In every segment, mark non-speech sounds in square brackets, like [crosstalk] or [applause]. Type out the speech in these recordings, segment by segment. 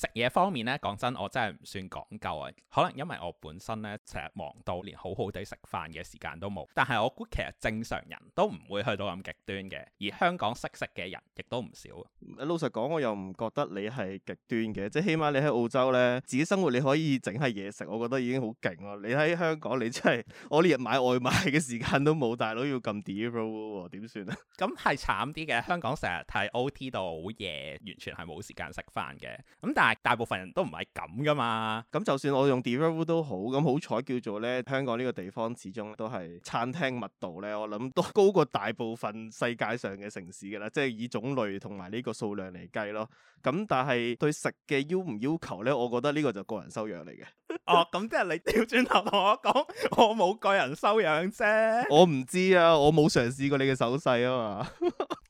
食嘢方面咧，講真，我真係唔算講究啊。可能因為我本身咧成日忙到，連好好地食飯嘅時間都冇。但係我估其實正常人都唔會去到咁極端嘅，而香港識食嘅人亦都唔少。老實講，我又唔覺得你係極端嘅，即係起碼你喺澳洲咧，自己生活你可以整下嘢食，我覺得已經好勁咯。你喺香港，你真係我連日買外賣嘅時間都冇，大佬要咁 difficult 點算啊？咁係慘啲嘅，香港成日睇 OT 到好夜，完全係冇時間食飯嘅。咁、嗯、但大部分人都唔係咁噶嘛，咁就算我用 Deliveroo 都好，咁好彩叫做咧，香港呢個地方始終都係餐廳密度咧，我諗都高過大部分世界上嘅城市噶啦，即係以種類同埋呢個數量嚟計咯。咁但係對食嘅要唔要求呢？我覺得呢個就個人修養嚟嘅。 [laughs] 哦，咁即係你調轉頭同我講，我冇個人修養啫。 [laughs] 我唔知啊，我冇嘗試過你嘅手勢啊嘛。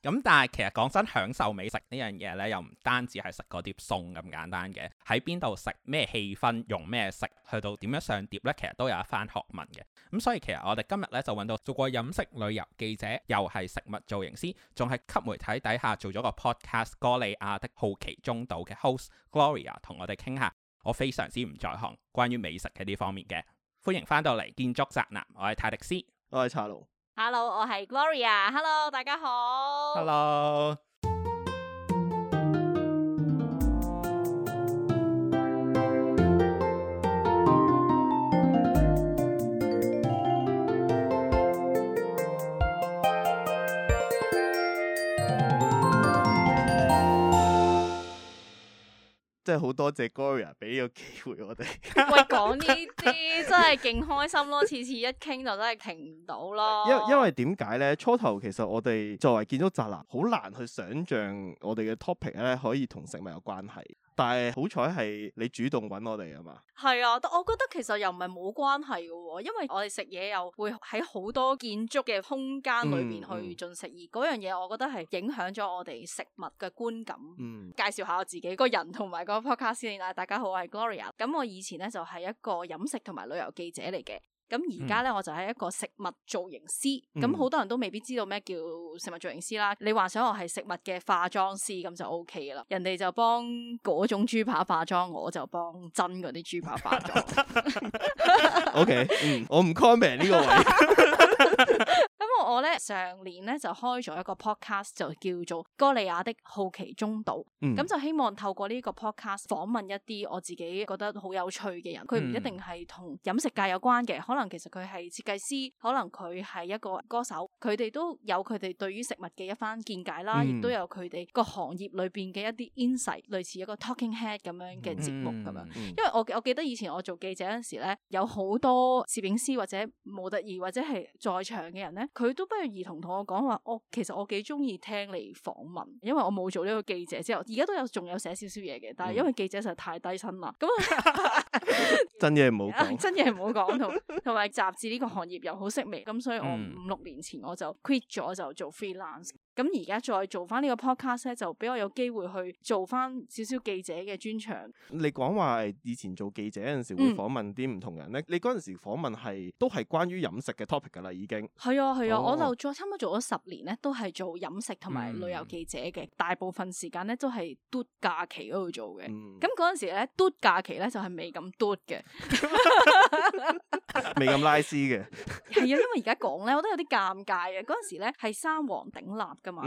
咁、 [laughs] 嗯、但係其實講真，享受美食呢樣嘢呢，又唔單止係食嗰碟餸咁簡單嘅。喺邊度食咩氣氛，用咩食，去到點樣上碟呢，其實都有一番學問嘅。咁所以其實我哋今日呢，就揾到做過飲食旅遊記者，又係食物造型師，仲係 CUP 媒體底下做咗個 Podcast《歌莉亞的好》。其中島嘅 host Gloria 同我哋傾下，我非常之唔在行關於美食嘅呢方面嘅。歡迎翻到嚟建築宅男，我係泰迪斯，我係查 Hello，我係 Gloria，Hello，大家好，Hello。真係好多謝 Gloria 俾呢個機會我哋。喂，講呢啲 [laughs] 真係勁開心咯，次次一傾就真係停唔到咯。因因為點解咧？初頭其實我哋作為建築宅男，好難去想像我哋嘅 topic 咧，可以同食物有關係。但係好彩係你主動搵我哋啊嘛，係啊，我覺得其實又唔係冇關係嘅，因為我哋食嘢又會喺好多建築嘅空間裏面去進食，而嗰樣嘢我覺得係影響咗我哋食物嘅觀感。嗯，介紹下我自己個人同埋個 podcast 先啦。大家好，我係 Gloria，咁我以前呢，就係一個飲食同埋旅遊記者嚟嘅。咁而家呢，我就係一個食物造型師，咁好、嗯、多人都未必知道咩叫食物造型師啦。嗯、你幻想我係食物嘅化妝師咁就 OK 啦，人哋就幫嗰種豬扒化妝，我就幫真嗰啲豬扒化妝。 [laughs] [laughs] o、okay, K，嗯，我唔 comment 呢個位。 [laughs] 我咧上年咧就開咗一個 podcast，就叫做《歌莉婭的好奇中島》。咁、嗯、就希望透過呢個 podcast 訪問一啲我自己覺得好有趣嘅人，佢唔、嗯、一定係同飲食界有關嘅，可能其實佢係設計師，可能佢係一個歌手，佢哋都有佢哋對於食物嘅一番見解啦，亦、嗯、都有佢哋個行業裏邊嘅一啲 insight，類似一個 talking head 咁樣嘅節目咁樣。嗯嗯、因為我我記得以前我做記者嗰陣時咧，有好多攝影師或者模特兒或者係在場嘅人咧，佢。佢都不約而同同我講話，我、哦、其實我幾中意聽你訪問，因為我冇做呢個記者之後，而家都有仲有寫少少嘢嘅，但係因為記者實在太低薪啦。咁真嘢唔好講， [laughs] 真嘢唔好講同同埋雜誌呢個行業又好式微，咁所以我五、嗯、六年前我就 quit 咗就做 freelance。咁而家再做翻呢個 podcast 咧，就畀我有機會去做翻少少記者嘅專長。你講話以前做記者嗰陣時會訪問啲唔同人咧，嗯、你嗰陣時訪問係都係關於飲食嘅 topic 噶啦已經係啊，係啊，啊哦、我就做差唔多做咗十年咧，都係做飲食同埋旅遊記者嘅，嗯、大部分時間咧，都係嘟假期嗰度做嘅。咁嗰陣時咧嘟假期咧，就係未咁嘟嘅，未 [laughs] 咁 [laughs] 拉絲嘅。係啊，因為而家講咧，我都有啲尷尬嘅。嗰陣時咧，係三皇鼎立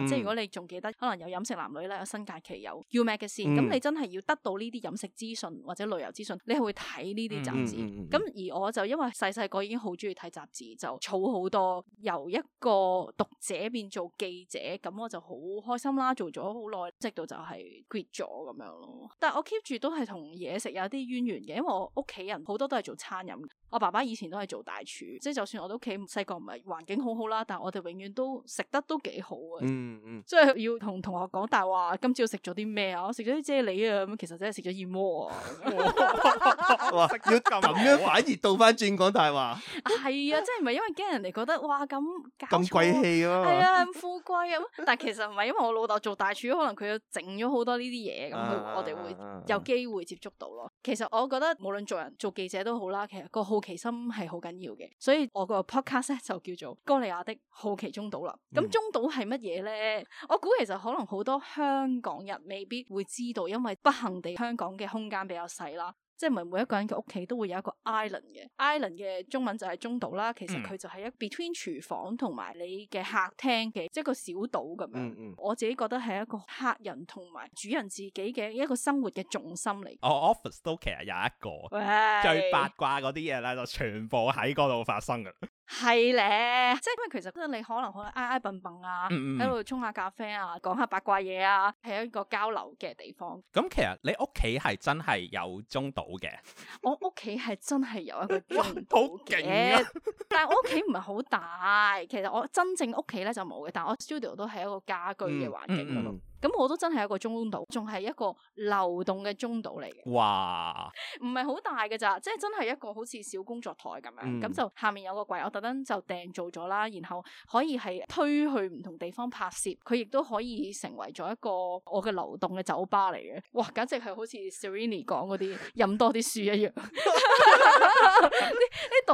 即係如果你仲記得可能有飲食男女啦，有新假期、有 U Magazine 嘅先。咁，你真係要得到呢啲飲食資訊或者旅遊資訊，你係會睇呢啲雜誌。咁、嗯嗯嗯、而我就因為細細個已經好中意睇雜誌，就儲好多，由一個讀者變做記者，咁我就好開心啦。做咗好耐，直到就係 quit 咗咁樣咯。但係我 keep 住都係同嘢食有啲淵源嘅，因為我屋企人好多都係做餐飲。我爸爸以前都係做大廚，即係就算我哋屋企細個唔係環境好好啦，但係我哋永遠都食得都幾好嘅。即係、嗯嗯、要同同學講大話，今朝食咗啲咩啊？我食咗啲啫喱啊！咁其實真係食咗燕窩啊！ [laughs] [laughs] 哇，要咁樣 [laughs] 反而倒翻轉講大話。係 [laughs] 啊，即係唔係因為驚人哋覺得哇咁咁、啊、貴氣咯？係啊，咁、啊、富貴啊！ [laughs] [laughs] 但係其實唔係因為我老豆做大廚，可能佢有整咗好多呢啲嘢，咁、嗯、我哋會有機會接觸到咯。嗯嗯、其實我覺得無論做人做記者都好啦，其實個好好奇心係好緊要嘅，所以我個 podcast 就叫做《歌莉亞的好奇中島》啦。咁中島係乜嘢呢？我估其實可能好多香港人未必會知道，因為不幸地香港嘅空間比較細啦。即係唔係每一個人嘅屋企都會有一個 island 嘅。island 嘅中文就係中島啦，其實佢就係一 between 廚房同埋你嘅客廳嘅即係一個小島咁樣。嗯嗯，我自己覺得係一個客人同埋主人自己嘅一個生活嘅重心嚟。我 office 都其實有一個喂，最八卦嗰啲嘢咧就全部喺嗰度發生嘅。係咧，即係因為其實即係你可能去挨挨笨笨啊，喺度、嗯嗯、沖下咖啡啊，講下八卦嘢啊，係一個交流嘅地方。咁其實你屋企係真係有中島嘅，我屋企係真係有一個中島嘅， [laughs] 但係我屋企唔係好大。其實我真正屋企咧就冇嘅，但我 studio 都係一個家居嘅環境、嗯嗯嗯咁我都真係一個中島，仲係一個流動嘅中島嚟嘅。哇！唔係好大嘅咋，即係真係一個好似小工作台咁樣。咁、嗯、就下面有個櫃，我特登就訂做咗啦。然後可以係推去唔同地方拍攝，佢亦都可以成為咗一個我嘅流動嘅酒吧嚟嘅。哇！簡直係好似 Serrini 講嗰啲飲多啲書一樣。 [laughs] [laughs]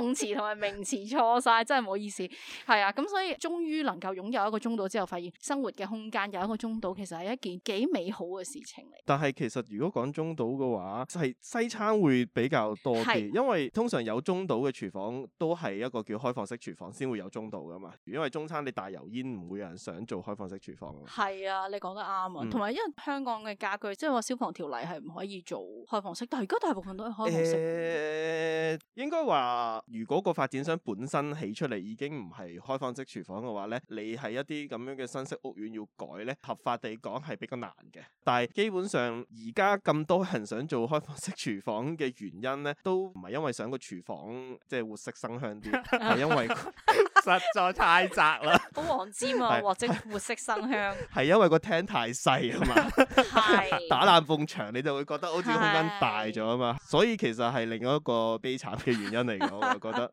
動詞同埋名詞錯晒，真係唔好意思。係啊，咁所以終於能夠擁有一個中島之後，發現生活嘅空間有一個中島，其實係一件幾美好嘅事情嚟。但係其實如果講中島嘅話，係西餐會比較多啲，是因為通常有中島嘅廚房都係一個叫開放式廚房，先會有中島噶嘛。因為中餐你大油煙，唔會有人想做開放式廚房。係啊，你講得啱啊。同埋、嗯、因為香港嘅家俱，即係話消防條例係唔可以做開放式，但係而家大部分都係開放式。誒、呃，應該話如果個發展商本身起出嚟已經唔係開放式廚房嘅話呢，你係一啲咁樣嘅新式屋苑要改呢，合法地講係比較難嘅。但係基本上而家咁多人想做開放式廚房嘅原因呢，都唔係因為想個廚房即係活色生香啲，係 [laughs] 因為。 [laughs] [laughs] 實在太窄啦！ [laughs] 好黃尖啊， [laughs] 或者活色生香，係 [laughs] [laughs] 因為個廳太細啊嘛 [laughs] [laughs] [laughs] 打爛埲牆你就會覺得好似空間大咗啊嘛，所以其實係另一個悲慘嘅原因嚟㗎，我覺得。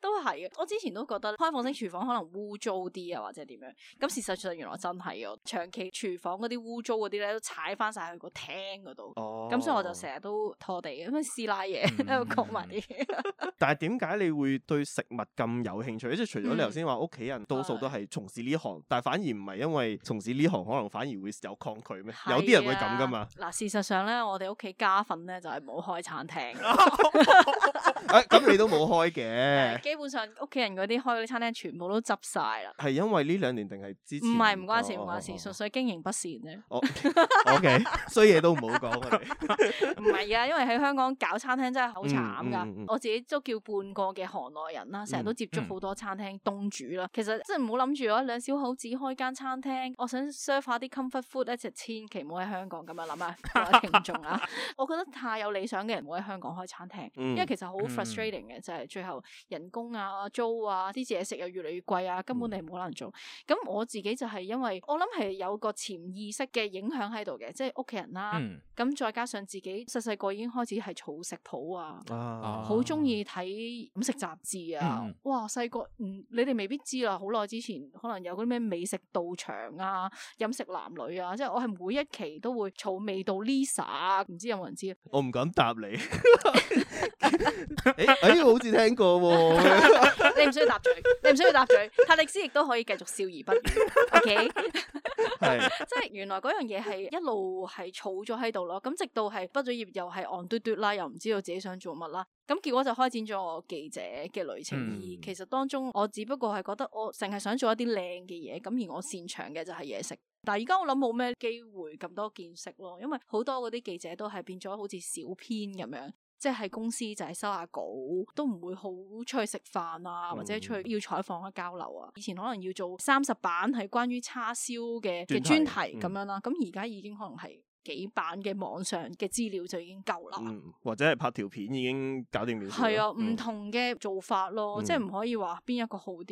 都係嘅，我之前都覺得開放式廚房可能污糟啲啊，或者點樣。咁事實上原來真係啊，長期廚房嗰啲污糟嗰啲咧都踩翻晒去個廳嗰度。哦，咁所以我就成日都拖地，咁樣師奶嘢，喺度講埋啲。嘢、嗯。 [laughs] 但係點解你會對食物咁有興趣？即係、就是、除咗你頭先話屋企人多數都係從事呢行，嗯、但係反而唔係因為從事呢行，可能反而會有抗拒咩？啊、有啲人會咁噶嘛？嗱、啊，事實上咧，我哋屋企家訓咧就係、是、冇開餐廳。咁 [laughs] [laughs] 哎、你都冇開嘅。基本上屋企人嗰啲開嗰啲餐廳全部都執晒啦。係因為呢兩年定係之前？唔係唔關事，唔關事，純粹經營不善啫。OK，衰嘢都唔好講。唔係啊，因為喺香港搞餐廳真係好慘㗎。嗯嗯、我自己都叫半個嘅行內人啦，成日都接觸好多餐廳東主啦。其實真係唔好諗住兩小口子開間餐廳。我想 serve 啲 comfort food，一就千祈唔好喺香港咁樣諗下，各位聽眾啊。 [laughs] 我覺得太有理想嘅人唔好喺香港開餐廳，因為其實好 frustrating 嘅就係、嗯、最後。人工啊、租啊、啲嘢食又越嚟越貴啊，根本你係冇可能做。咁、嗯、我自己就係因為我諗係有個潛意識嘅影響喺度嘅，即係屋企人啦、啊。咁、嗯、再加上自己細細個已經開始係儲食譜啊，好中意睇飲食雜誌啊。嗯、哇，細個嗯，你哋未必知啦。好耐之前可能有嗰啲咩美食道場啊、飲食男女啊，即係我係每一期都會儲味道 Lisa 啊，唔知有冇人知？我唔敢答你。 [laughs] [laughs] 誒誒，我、 [laughs] 欸欸，好似聽過喎、啊。 [laughs] [laughs] 你唔需要答嘴，你唔需要答嘴。帕利斯亦都可以繼續笑而不語。O K，係，即係原來嗰樣嘢係一路係儲咗喺度咯。咁直到係畢咗業，又係戇嘟嘟啦，又唔知道自己想做乜啦。咁結果就開展咗我記者嘅旅程。而，嗯、其實當中我只不過係覺得我淨係想做一啲靚嘅嘢，咁而我擅長嘅就係嘢食。但係而家我諗冇咩機會咁多見識咯，因為好多嗰啲記者都係變咗好似小編咁樣。即係公司就係收下稿，都唔會好出去食飯啊，或者出去要採訪啊、嗯、交流啊。以前可能要做三十版係關於叉燒嘅嘅專題咁樣啦、啊，咁而家已經可能係幾版嘅網上嘅資料就已經夠啦、嗯。或者係拍條片已經搞掂。係啊，唔、嗯、同嘅做法咯，嗯、即係唔可以話邊一個好啲。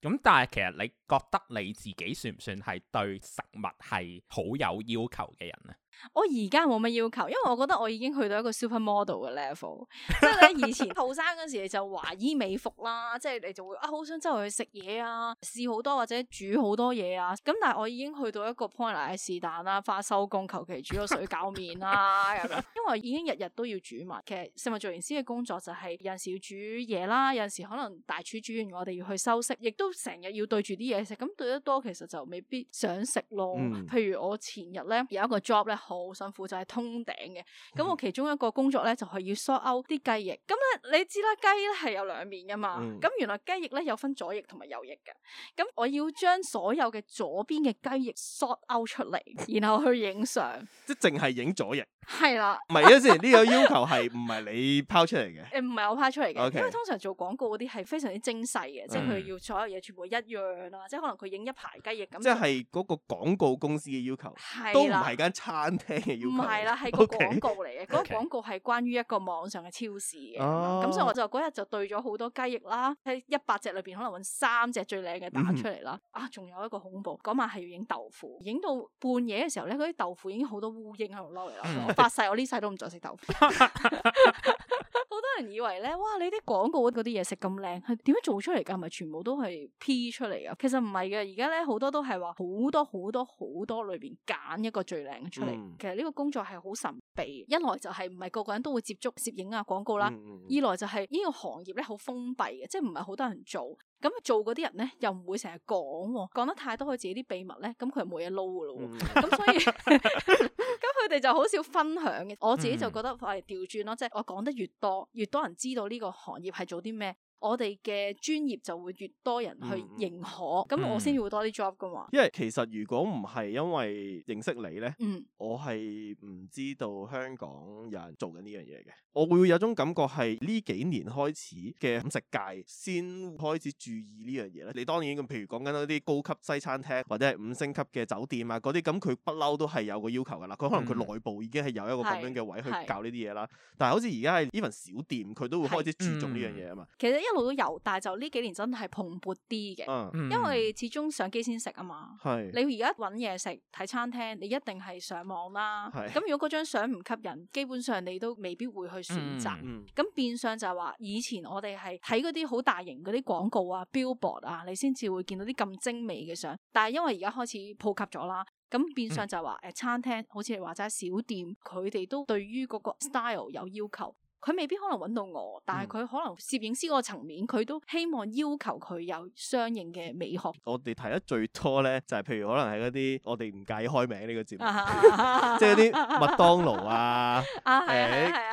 咁、嗯嗯、但係其實你覺得你自己算唔算係對食物係好有要求嘅人呢？我而家冇乜要求，因為我覺得我已經去到一個 super model 嘅 level。即係咧，以前後 [laughs] 生嗰時你就華衣美服啦，即係你就會啊，好想周圍去食嘢啊，試好多或者煮好多嘢啊。咁但係我已經去到一個 point 嚟，like, 是但啦，發收工求其煮個水餃麵啦咁樣。因為已經日日都要煮埋，其實食物造型師嘅工作就係有陣時要煮嘢啦，有陣時可能大廚煮完我哋要去收拾，亦都成日要對住啲嘢食。咁對得多其實就未必想食咯。譬、嗯、如我前日咧有一個 job 咧。好辛苦就係、是、通頂嘅，咁我其中一個工作咧就係、是、要 sort out 啲雞翼。咁咧你知啦，雞咧係有兩面噶嘛，咁、嗯、原來雞翼咧有分左翼同埋右翼嘅，咁我要將所有嘅左邊嘅雞翼 sort out 出嚟，然後去影相，即係淨係影左翼。係啦，唔係依家先，呢個要求係唔係你拋出嚟嘅？誒唔係我拋出嚟嘅，因為通常做廣告嗰啲係非常之精細嘅，即係佢要所有嘢全部一樣啦，即係可能佢影一排雞翼咁。即係嗰個廣告公司嘅要求，都唔係間餐廳嘅要求。唔係啦，係個廣告嚟嘅，嗰個廣告係關於一個網上嘅超市嘅。咁所以我就嗰日就對咗好多雞翼啦，喺一百隻裏邊可能揾三隻最靚嘅打出嚟啦。啊，仲有一個恐怖，嗰晚係要影豆腐，影到半夜嘅時候咧，嗰啲豆腐已經好多烏蠅喺度嬲嚟啦。發誓我呢世都唔再食豆腐。好 [laughs] 多人以為咧，哇！你啲廣告嗰啲嘢食咁靚，係點樣做出嚟噶？係咪全部都係 P 出嚟噶？其實唔係嘅，而家咧好多都係話好多好多好多裏邊揀一個最靚嘅出嚟。嗯、其實呢個工作係好神。一來就係唔係個個人都會接觸攝影啊廣告啦，嗯嗯、二來就係呢個行業咧好封閉嘅，即係唔係好多人做，咁做嗰啲人咧又唔會成日講，講得太多佢自己啲秘密咧，咁佢冇嘢撈噶咯，咁、嗯、所以咁佢哋就好少分享嘅。我自己就覺得轉、就是、我係調轉咯，即係我講得越多，越多人知道呢個行業係做啲咩。我哋嘅專業就會越多人去認可，咁、嗯、我先會多啲 job 噶嘛。因為其實如果唔係因為認識你呢，嗯、我係唔知道香港有人做緊呢樣嘢嘅。我會有種感覺係呢幾年開始嘅飲食界先開始注意呢樣嘢咧。你當然譬如講緊嗰啲高級西餐廳或者係五星級嘅酒店啊嗰啲，咁佢不嬲都係有個要求噶啦。佢可能佢內部已經係有一個咁樣嘅位去搞呢啲嘢啦。嗯、但係好似而家係 even 小店，佢都會開始注重呢樣嘢啊嘛。嗯一路都有，但係就呢幾年真係蓬勃啲嘅，uh, 嗯、因為始終相機先食啊嘛。係是你而家揾嘢食睇餐廳，你一定係上網啦。咁是如果嗰張相唔吸引，基本上你都未必會去選擇。咁、嗯嗯、變相就係話，以前我哋係喺嗰啲好大型嗰啲廣告啊、Billboard、嗯、啊，你先至會見到啲咁精美嘅相。但係因為而家開始普及咗啦，咁變相就係話，誒、嗯啊、餐廳，好似你話齋小店，佢哋都對於嗰個 style 有要求。佢未必可能揾到我，但係佢可能攝影師嗰個層面，佢都希望要求佢有相應嘅美學。我哋睇得最多咧，就係譬如可能係嗰啲我哋唔介意開名呢個節目，即係啲麥當勞啊，誒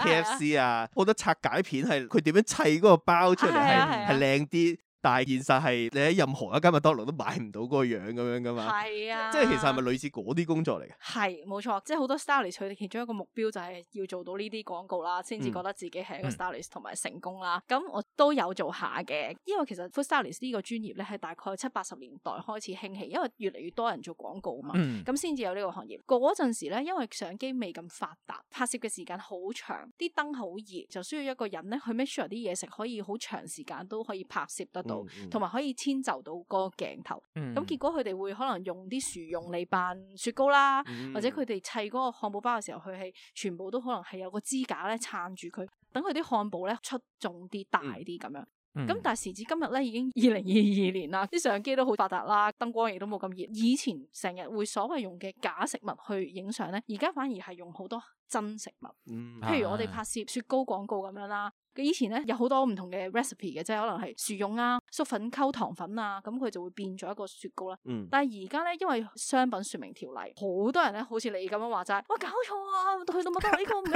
K F C 啊，好多拆解片係佢點樣砌嗰個包出嚟係係靚啲。但係現實係你喺任何一間麥當勞都買唔到嗰個樣咁樣噶嘛？係啊，即係其實係咪類似嗰啲工作嚟嘅？係冇錯，即係好多 stylist 其中一個目標就係要做到呢啲廣告啦，先至覺得自己係一個 stylist 同埋成功啦。咁、嗯、我都有做下嘅，因為其實 food stylist 呢個專業咧係大概七八十年代開始興起，因為越嚟越多人做廣告啊嘛，咁先至有呢個行業。嗰陣時咧，因為相機未咁發達，拍攝嘅時間好長，啲燈好熱，就需要一個人咧去 make sure 啲嘢食，可以好長時間都可以拍攝得到。嗯同埋可以遷就到個鏡頭，咁、嗯、結果佢哋會可能用啲薯蓉嚟扮雪糕啦，嗯、或者佢哋砌嗰個漢堡包嘅時候，佢係全部都可能係有個支架咧撐住佢，等佢啲漢堡咧出眾啲、大啲咁樣。咁、嗯、但係時至今日咧，已經二零二二年啦，啲相機都好發達啦，燈光亦都冇咁熱。以前成日會所謂用嘅假食物去影相咧，而家反而係用好多。真食物，譬如我哋拍攝雪糕廣告咁樣啦，佢以前咧有好多唔同嘅 recipe 嘅，即係可能係薯蓉啊、粟粉、溝糖粉啊，咁佢就會變咗一個雪糕啦。嗯，但係而家咧，因為商品說明條例，好多人咧，好似你咁樣話齋，我搞錯啊，去到麥當勞呢個唔一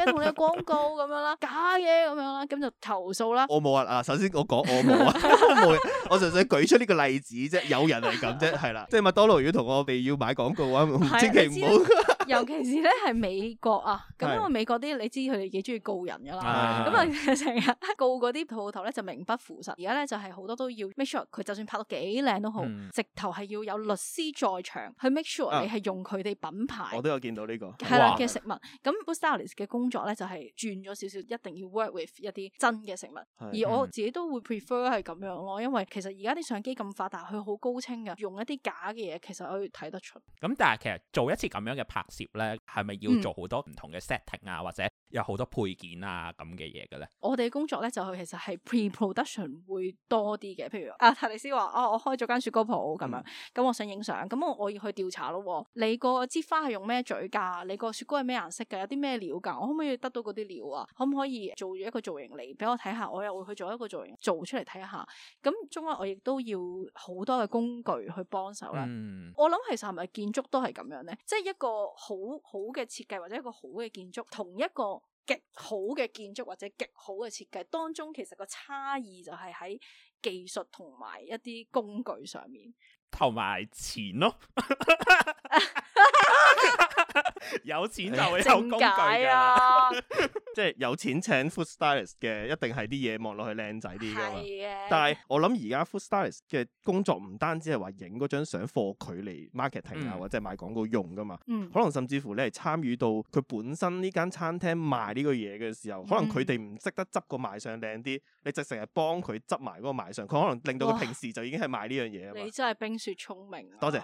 樣嘅同 [laughs] 你廣告咁樣啦，假嘢咁樣啦，咁就投訴啦。我冇啊，啊，首先我講我冇啊， [laughs] [laughs] 我純粹舉出呢個例子啫，有人係咁啫，係啦，即係麥當勞如果同我哋要買廣告嘅話， [laughs] 千祈唔好。尤其是咧係美國啊，咁因為美國啲你知佢哋幾中意告人㗎啦，咁啊成日告嗰啲鋪頭咧就名不符實。而家咧就係好多都要 make sure 佢就算拍到幾靚都好，嗯、直頭係要有律師在場去 make sure 你係用佢哋品牌。啊、我都有見到呢、呢個係啦，嘅食物。咁布斯達利斯嘅工作咧就係轉咗少少，一定要 work with 一啲真嘅食物。而我自己都會 prefer 係咁樣咯，因為其實而家啲相機咁發達，佢好高清㗎，用一啲假嘅嘢其實可以睇得出。咁、嗯、但係其實做一次咁樣嘅拍。咧係咪要做好多唔同嘅 setting 啊，或者有好多配件啊咁嘅嘢嘅咧？呢我哋嘅工作咧就去其實係 pre-production 會多啲嘅，譬如阿泰麗斯話哦，我開咗間雪糕鋪咁樣，咁、嗯嗯、我想影相，咁我我要去調查咯。你個枝花係用咩嘴噶？你個雪糕係咩顏色噶？有啲咩料噶？我可唔可以得到嗰啲料啊？可唔可以做一個造型嚟俾我睇下？我又會去做一個造型做出嚟睇下。咁中間我亦都要好多嘅工具去幫手啦。嗯、我諗其實係咪建築都係咁樣咧？即係一個。好好嘅設計或者一個好嘅建築，同一個極好嘅建築或者極好嘅設計當中，其實個差異就係喺技術同埋一啲工具上面，同埋錢咯、哦。 [laughs] [laughs] [laughs] 有錢就會有工具噶，即係有錢請 food stylist 嘅，一定係啲嘢望落去靚仔啲噶嘛。是的 但係我諗而家 food stylist 嘅工作唔單止係話影嗰張相貨佢嚟 marketing 啊，嗯、或者賣廣告用噶嘛。嗯、可能甚至乎你係參與到佢本身呢間餐廳賣呢個嘢嘅時候，可能佢哋唔識得執個賣相靚啲，嗯、你就成日幫佢執埋嗰個賣相，佢可能令到佢平時就已經係賣呢樣嘢啊。你真係冰雪聰明啊，多謝。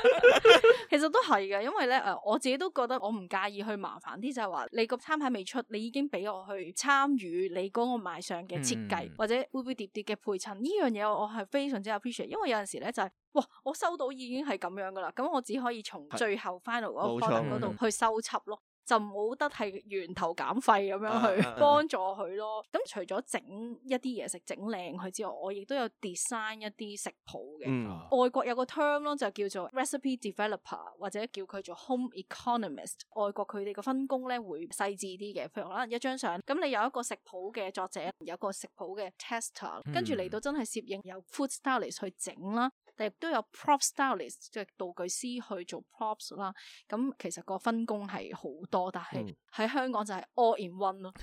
[laughs] 其實都係嘅，因為咧誒，我自己都覺得我唔介意去麻煩啲，就係、是、話你個餐牌未出，你已經俾我去參與你嗰個賣相嘅設計，嗯、或者會唔會碟嘅配襯呢樣嘢，我係非常之 appreciate，因為有陣時咧就係、是，哇，我收到已經係咁樣噶啦，咁我只可以從最後 final 嗰度去收輯咯。 [laughs] 就冇得係源頭減廢咁樣去 uh, uh, uh, 幫助佢咯。咁除咗整一啲嘢食整靚佢之外，我亦都有 design 一啲食譜嘅。嗯、外國有個 term 咯，就叫做 recipe developer 或者叫佢做 home economist。外國佢哋嘅分工咧會細緻啲嘅。譬如啦，一張相，咁你有一個食譜嘅作者，有一個食譜嘅 tester，跟住嚟、嗯、到真係攝影有 food stylist 去整啦。亦都有 prop stylist 即係道具師去做 props 啦，咁其實個分工係好多，但係喺香港就係 all in one 咯。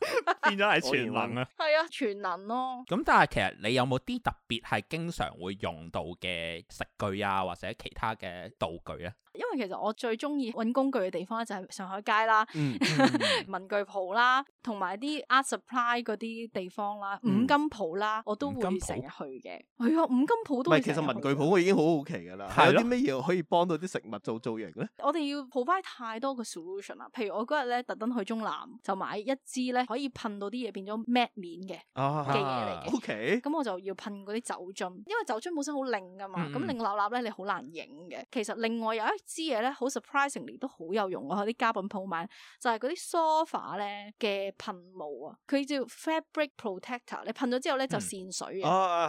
[laughs] 變咗係全能啊、 [laughs] 嗯！係、嗯、啊，全能咯。咁但係，其實你有冇啲特別係經常會用到嘅食具啊，或者其他嘅道具啊？因為其實我最中意揾工具嘅地方咧，就係上海街啦、文具鋪啦、同埋啲 Art Supply 嗰啲地方啦、五金鋪啦，我都會成日去嘅。係啊，五金鋪都唔係，其實文具鋪我已經好好奇噶啦，對咯 有啲乜嘢可以幫到啲食物做造，造型咧？我哋要 provide 太多嘅 solution 啦。譬如我嗰日咧特登去中南就買一支咧。可以噴到啲嘢變咗 matte 面嘅嘅嘢嚟嘅，OK，咁我就要噴嗰啲酒精，因為酒精本身好靚噶嘛，咁靚、嗯、扭粒咧你好難影嘅。其實另外有一支嘢咧，好 surprisingly 都好有用啊。啲家品鋪買就係嗰啲 sofa 咧嘅噴霧啊，佢叫 fabric protector，你噴咗之後咧就線水嘅。啊啊、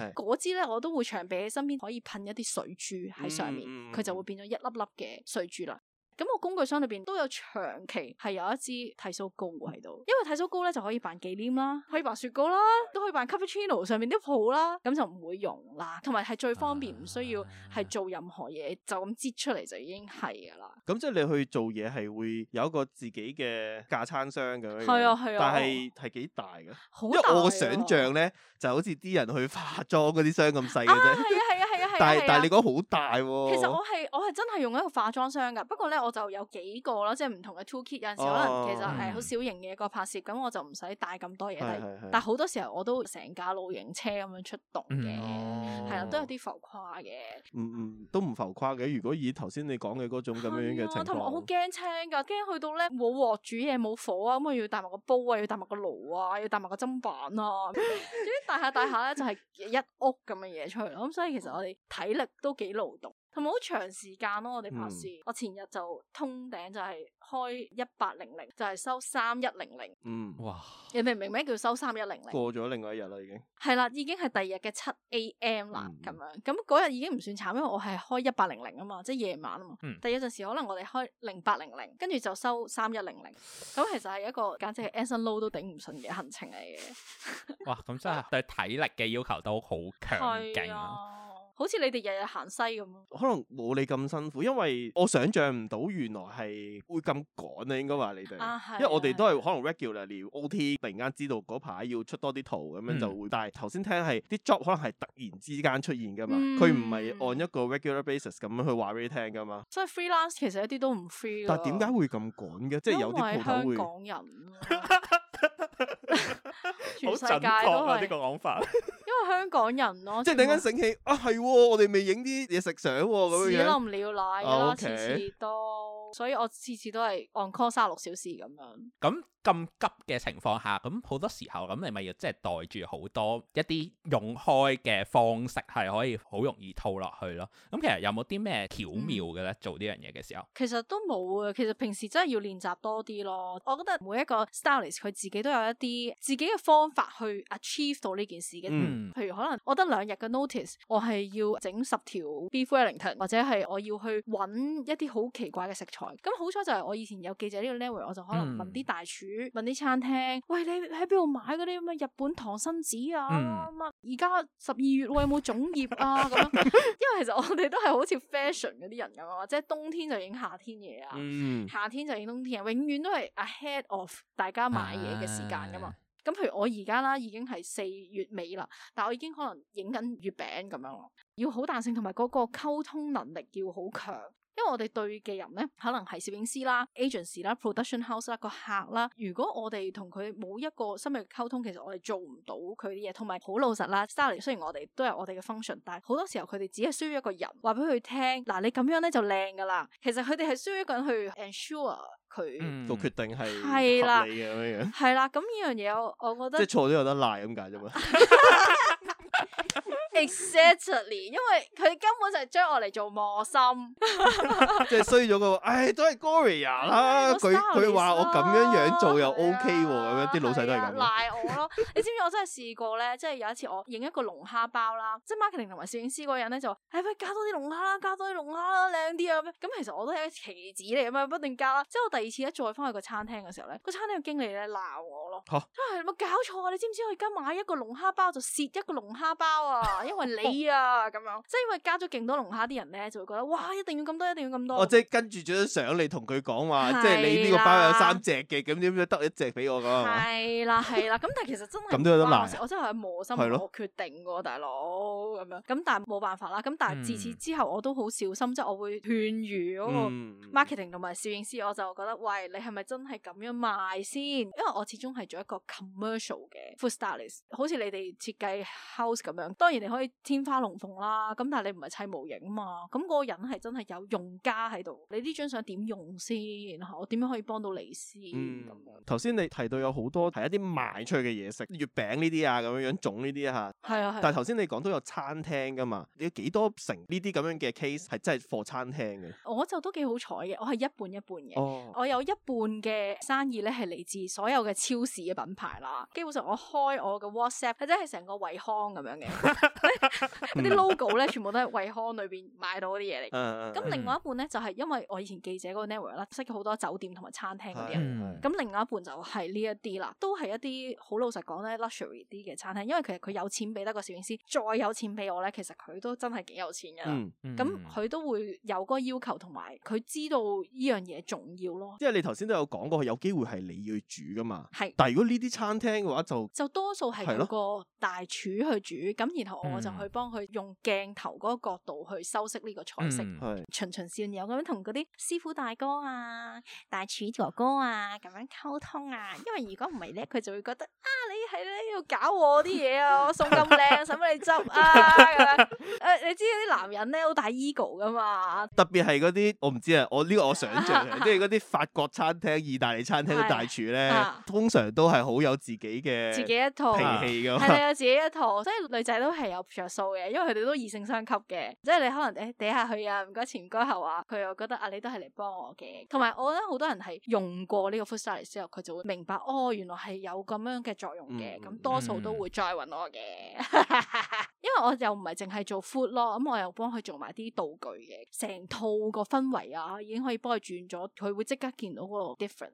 嗯，係，係嗰支咧我都會長備喺身邊，可以噴一啲水珠喺上面，佢、嗯、就會變咗一粒粒嘅水珠啦。咁我工具箱裏邊都有長期係有一支剃鬚膏喎喺度，因為剃鬚膏咧就可以扮忌廉啦，可以扮雪糕啦，都可以扮 cappuccino 上面啲鋪啦，咁就唔會用啦。同埋係最方便，唔需要係做任何嘢，就咁擠出嚟就已經係噶啦。咁即係你去做嘢係會有一個自己嘅架餐箱嘅，係啊係啊，但係係幾大嘅？因為我嘅想象咧就好似啲人去化妝嗰啲箱咁細嘅啫，係啊係啊係啊！但係但係你講好大喎。其實我係我係真係用一個化妝箱噶，不過咧。我就有幾個啦，即係唔同嘅 two kit，有陣時候可能其實誒好小型嘅一個拍攝，咁、嗯、我就唔使帶咁多嘢。是是是，但係好多時候我都成架露營車咁樣出動嘅，係啦、嗯，都有啲浮誇嘅。嗯嗯，都唔浮誇嘅。如果以頭先你講嘅嗰種咁樣嘅情況、啊、同埋我好驚青㗎，驚去到咧冇鑊煮嘢，冇火啊，咁啊要帶埋個煲啊，要帶埋個爐啊，要帶埋個砧板啊，總之 [laughs] [laughs] 大下大下咧就係一屋咁嘅嘢出嚟啦。咁所以其實我哋體力都幾勞動。係好長時間咯、啊？我哋拍攝、嗯，我前日就通頂就係開一八零零，就係收三一零零。嗯，哇！你明唔明咩叫收三一零零？過咗另外一日啦，已經係啦， [noise] 已經係第二日嘅七 A.M. 啦，咁樣，咁嗰日已經唔算慘，因為我係開一八零零啊嘛，即係夜晚啊嘛。但有陣時可能我哋開零八零零，跟住就收三一零零。咁其實係一個簡直係 Anson Lo 都頂唔順嘅行程嚟嘅。 [laughs] 哇！咁真係對體力嘅要求都好強勁、啊。 [noise] 好似你哋日日行西咁咯，可能冇你咁辛苦，因為我想象唔到原來係會咁趕咧，應該話你哋，啊、因為我哋都係的可能 regularly O T，突然間知道嗰排要出多啲圖咁樣、嗯、就會，但係頭先聽係啲 job 可能係突然之間出現噶嘛，佢唔係按一個 regular basis 咁樣去話俾你聽噶嘛，嗯、所以 freelance 其實一啲都唔 free。但係點解會咁趕嘅？即係有啲鋪頭會。我係香港人。好世界都係呢個講法， [laughs] 因為香港人咯，即係突然間醒起啊，係我哋未影啲嘢食相咁樣，唔了賴啊，次次都，所以我次次都係按 call 三十六小時咁樣。咁咁急嘅情況下，咁好多時候咁，你咪要即係袋住好多一啲用開嘅方式，係可以好容易套落去咯。咁其實有冇啲咩巧妙嘅咧？做呢樣嘢嘅時候，其實都冇啊。其實平時真係要練習多啲咯。我覺得每一個 stylist 佢自己都有一啲自己。呢個方法去 achieve 到呢件事嘅，嗯、譬如可能我得兩日嘅 notice，我係要整十條 beef Wellington，或者係我要去揾一啲好奇怪嘅食材。咁好彩就係我以前有記者呢個 level，我就可能問啲大廚，嗯、問啲餐廳，喂你喺邊度買嗰啲咁嘅日本唐辛子啊？乜而家十二月喂冇粽葉啊？咁 [laughs] 樣，因為其實我哋都係好似 fashion 嗰啲人咁啊，或者冬天就影夏天嘢啊，嗯、夏天就影冬天啊，永遠都係 ahead of 大家買嘢嘅時間噶嘛。啊咁譬如我而家啦，已經係四月尾啦，但我已經可能影緊月餅咁樣咯，要好彈性，同埋嗰個溝通能力要好強。因為我哋對嘅人咧，可能係攝影師啦、agents 啦、production house 啦、個客啦。如果我哋同佢冇一個深入溝通，其實我哋做唔到佢啲嘢，同埋好老實啦。star 雖然我哋都係我哋嘅 function，但係好多時候佢哋只係需要一個人話俾佢聽。嗱，你咁樣咧就靚噶啦。其實佢哋係需要一個人去 ensure 佢、嗯、個決定係合理嘅咁樣係啦，咁呢樣嘢我我覺得即係錯都有得賴咁解啫嘛。exactly，因為佢根本就係將我嚟做磨心， [laughs] 即係衰咗個，唉、哎，都係 Gloria 啦、啊。佢佢話我咁樣樣做又 OK 喎、啊，咁、啊、樣啲老細都係咁賴我咯。 [laughs] 你知唔知我真係試過咧？即係有一次我影一個龍蝦包啦，即係 marketing 同埋攝影師嗰人咧就話：係咪加多啲龍蝦啦，加多啲龍蝦啦，靚啲啊？咁其實我都係棋子嚟啊嘛，不斷加啦。之後我第二次一再翻去個餐廳嘅時候咧，個餐廳經理咧鬧我咯，即有冇搞錯啊？你知唔知我而家買一個龍蝦包就蝕一個龍蝦包啊？ [laughs] 因為你啊咁、哦、樣，即係因為加咗勁多龍蝦啲人咧，就會覺得哇，一定要咁多，一定要咁多。即係跟住張相你同佢講話，即係啦你呢個包有三隻嘅，咁點樣得一隻俾我㗎？係啦，係那啦。咁 [laughs] 但係其實真係咁都有得難，我真係磨心，咯我決定喎，大佬咁樣。咁但係冇辦法啦。咁但係自此之後我都好小心，即係、嗯、我會勸喻嗰個 marketing 同埋攝影師，我就覺得喂，你係咪真係咁樣賣先？因為我始終係做一個 commercial 嘅 food stylist，好似你哋設計 house 咁樣，當然你可以天花龍鳳啦，咁但係你唔係砌模型啊嘛，咁嗰個人係真係有用家喺度，你呢張相點用先？然後，我點樣可以幫到你先？嗯，頭先樣你提到有好多係一啲賣出去嘅嘢食，月餅呢啲啊，咁樣樣粽呢啲吓，係啊係。啊但係頭先你講都有餐廳噶嘛？有幾多成呢啲咁樣嘅 case 係真係貨餐廳嘅？我就都幾好彩嘅，我係一半一半嘅。哦，我有一半嘅生意咧係嚟自所有嘅超市嘅品牌啦。基本上我開我嘅 WhatsApp，或者係成個惠康咁樣嘅。 [laughs] 嗰啲 logo 咧，全部都係惠康裏邊買到啲嘢嚟。咁另外一半咧，就係因為我以前記者嗰個 network 啦，識咗好多酒店同埋餐廳嘅人。咁另外一半就係呢一啲啦，都係一啲好老實講咧，luxury 啲嘅餐廳。因為其實佢有錢俾得個攝影師，再有錢俾我咧，其實佢都真係幾有錢噶。咁佢都會有嗰個要求，同埋佢知道呢樣嘢重要咯。即係你頭先都有講過，有機會係你要煮噶嘛。係。但係如果呢啲餐廳嘅話，就就多數係嗰個大廚去煮。咁然後。我就去幫佢用鏡頭嗰個角度去修飾呢個菜式，嗯、循循善誘咁樣同嗰啲師傅大哥啊、大廚哥哥啊咁樣溝通啊。因為如果唔係咧，佢就會覺得啊，你喺呢度搞我啲嘢啊，我 [laughs] 送咁靚，使乜 [laughs] 你執啊咁、 [laughs] 啊、你知啲男人咧好大 ego 噶嘛？特別係嗰啲，我唔知啊，我呢、呢個我想象嘅，即係嗰啲法國餐廳、意大利餐廳嘅大廚咧，通常都係好有自己嘅自己一套脾氣㗎。係啊，自己一套，所以女仔都係有著數嘅，因為佢哋都異性相吸嘅，即係你可能誒底下佢啊，唔該前唔該後啊，佢又覺得啊，你都係嚟幫我嘅。同埋我覺得好多人係用過呢個 food service 之後，佢就會明白哦，原來係有咁樣嘅作用嘅。咁多數都會再搵我嘅，因為我又唔係淨係做 food 咯，咁我又幫佢做埋啲道具嘅，成套個氛圍啊，已經可以幫佢轉咗，佢會即刻見到嗰個 difference。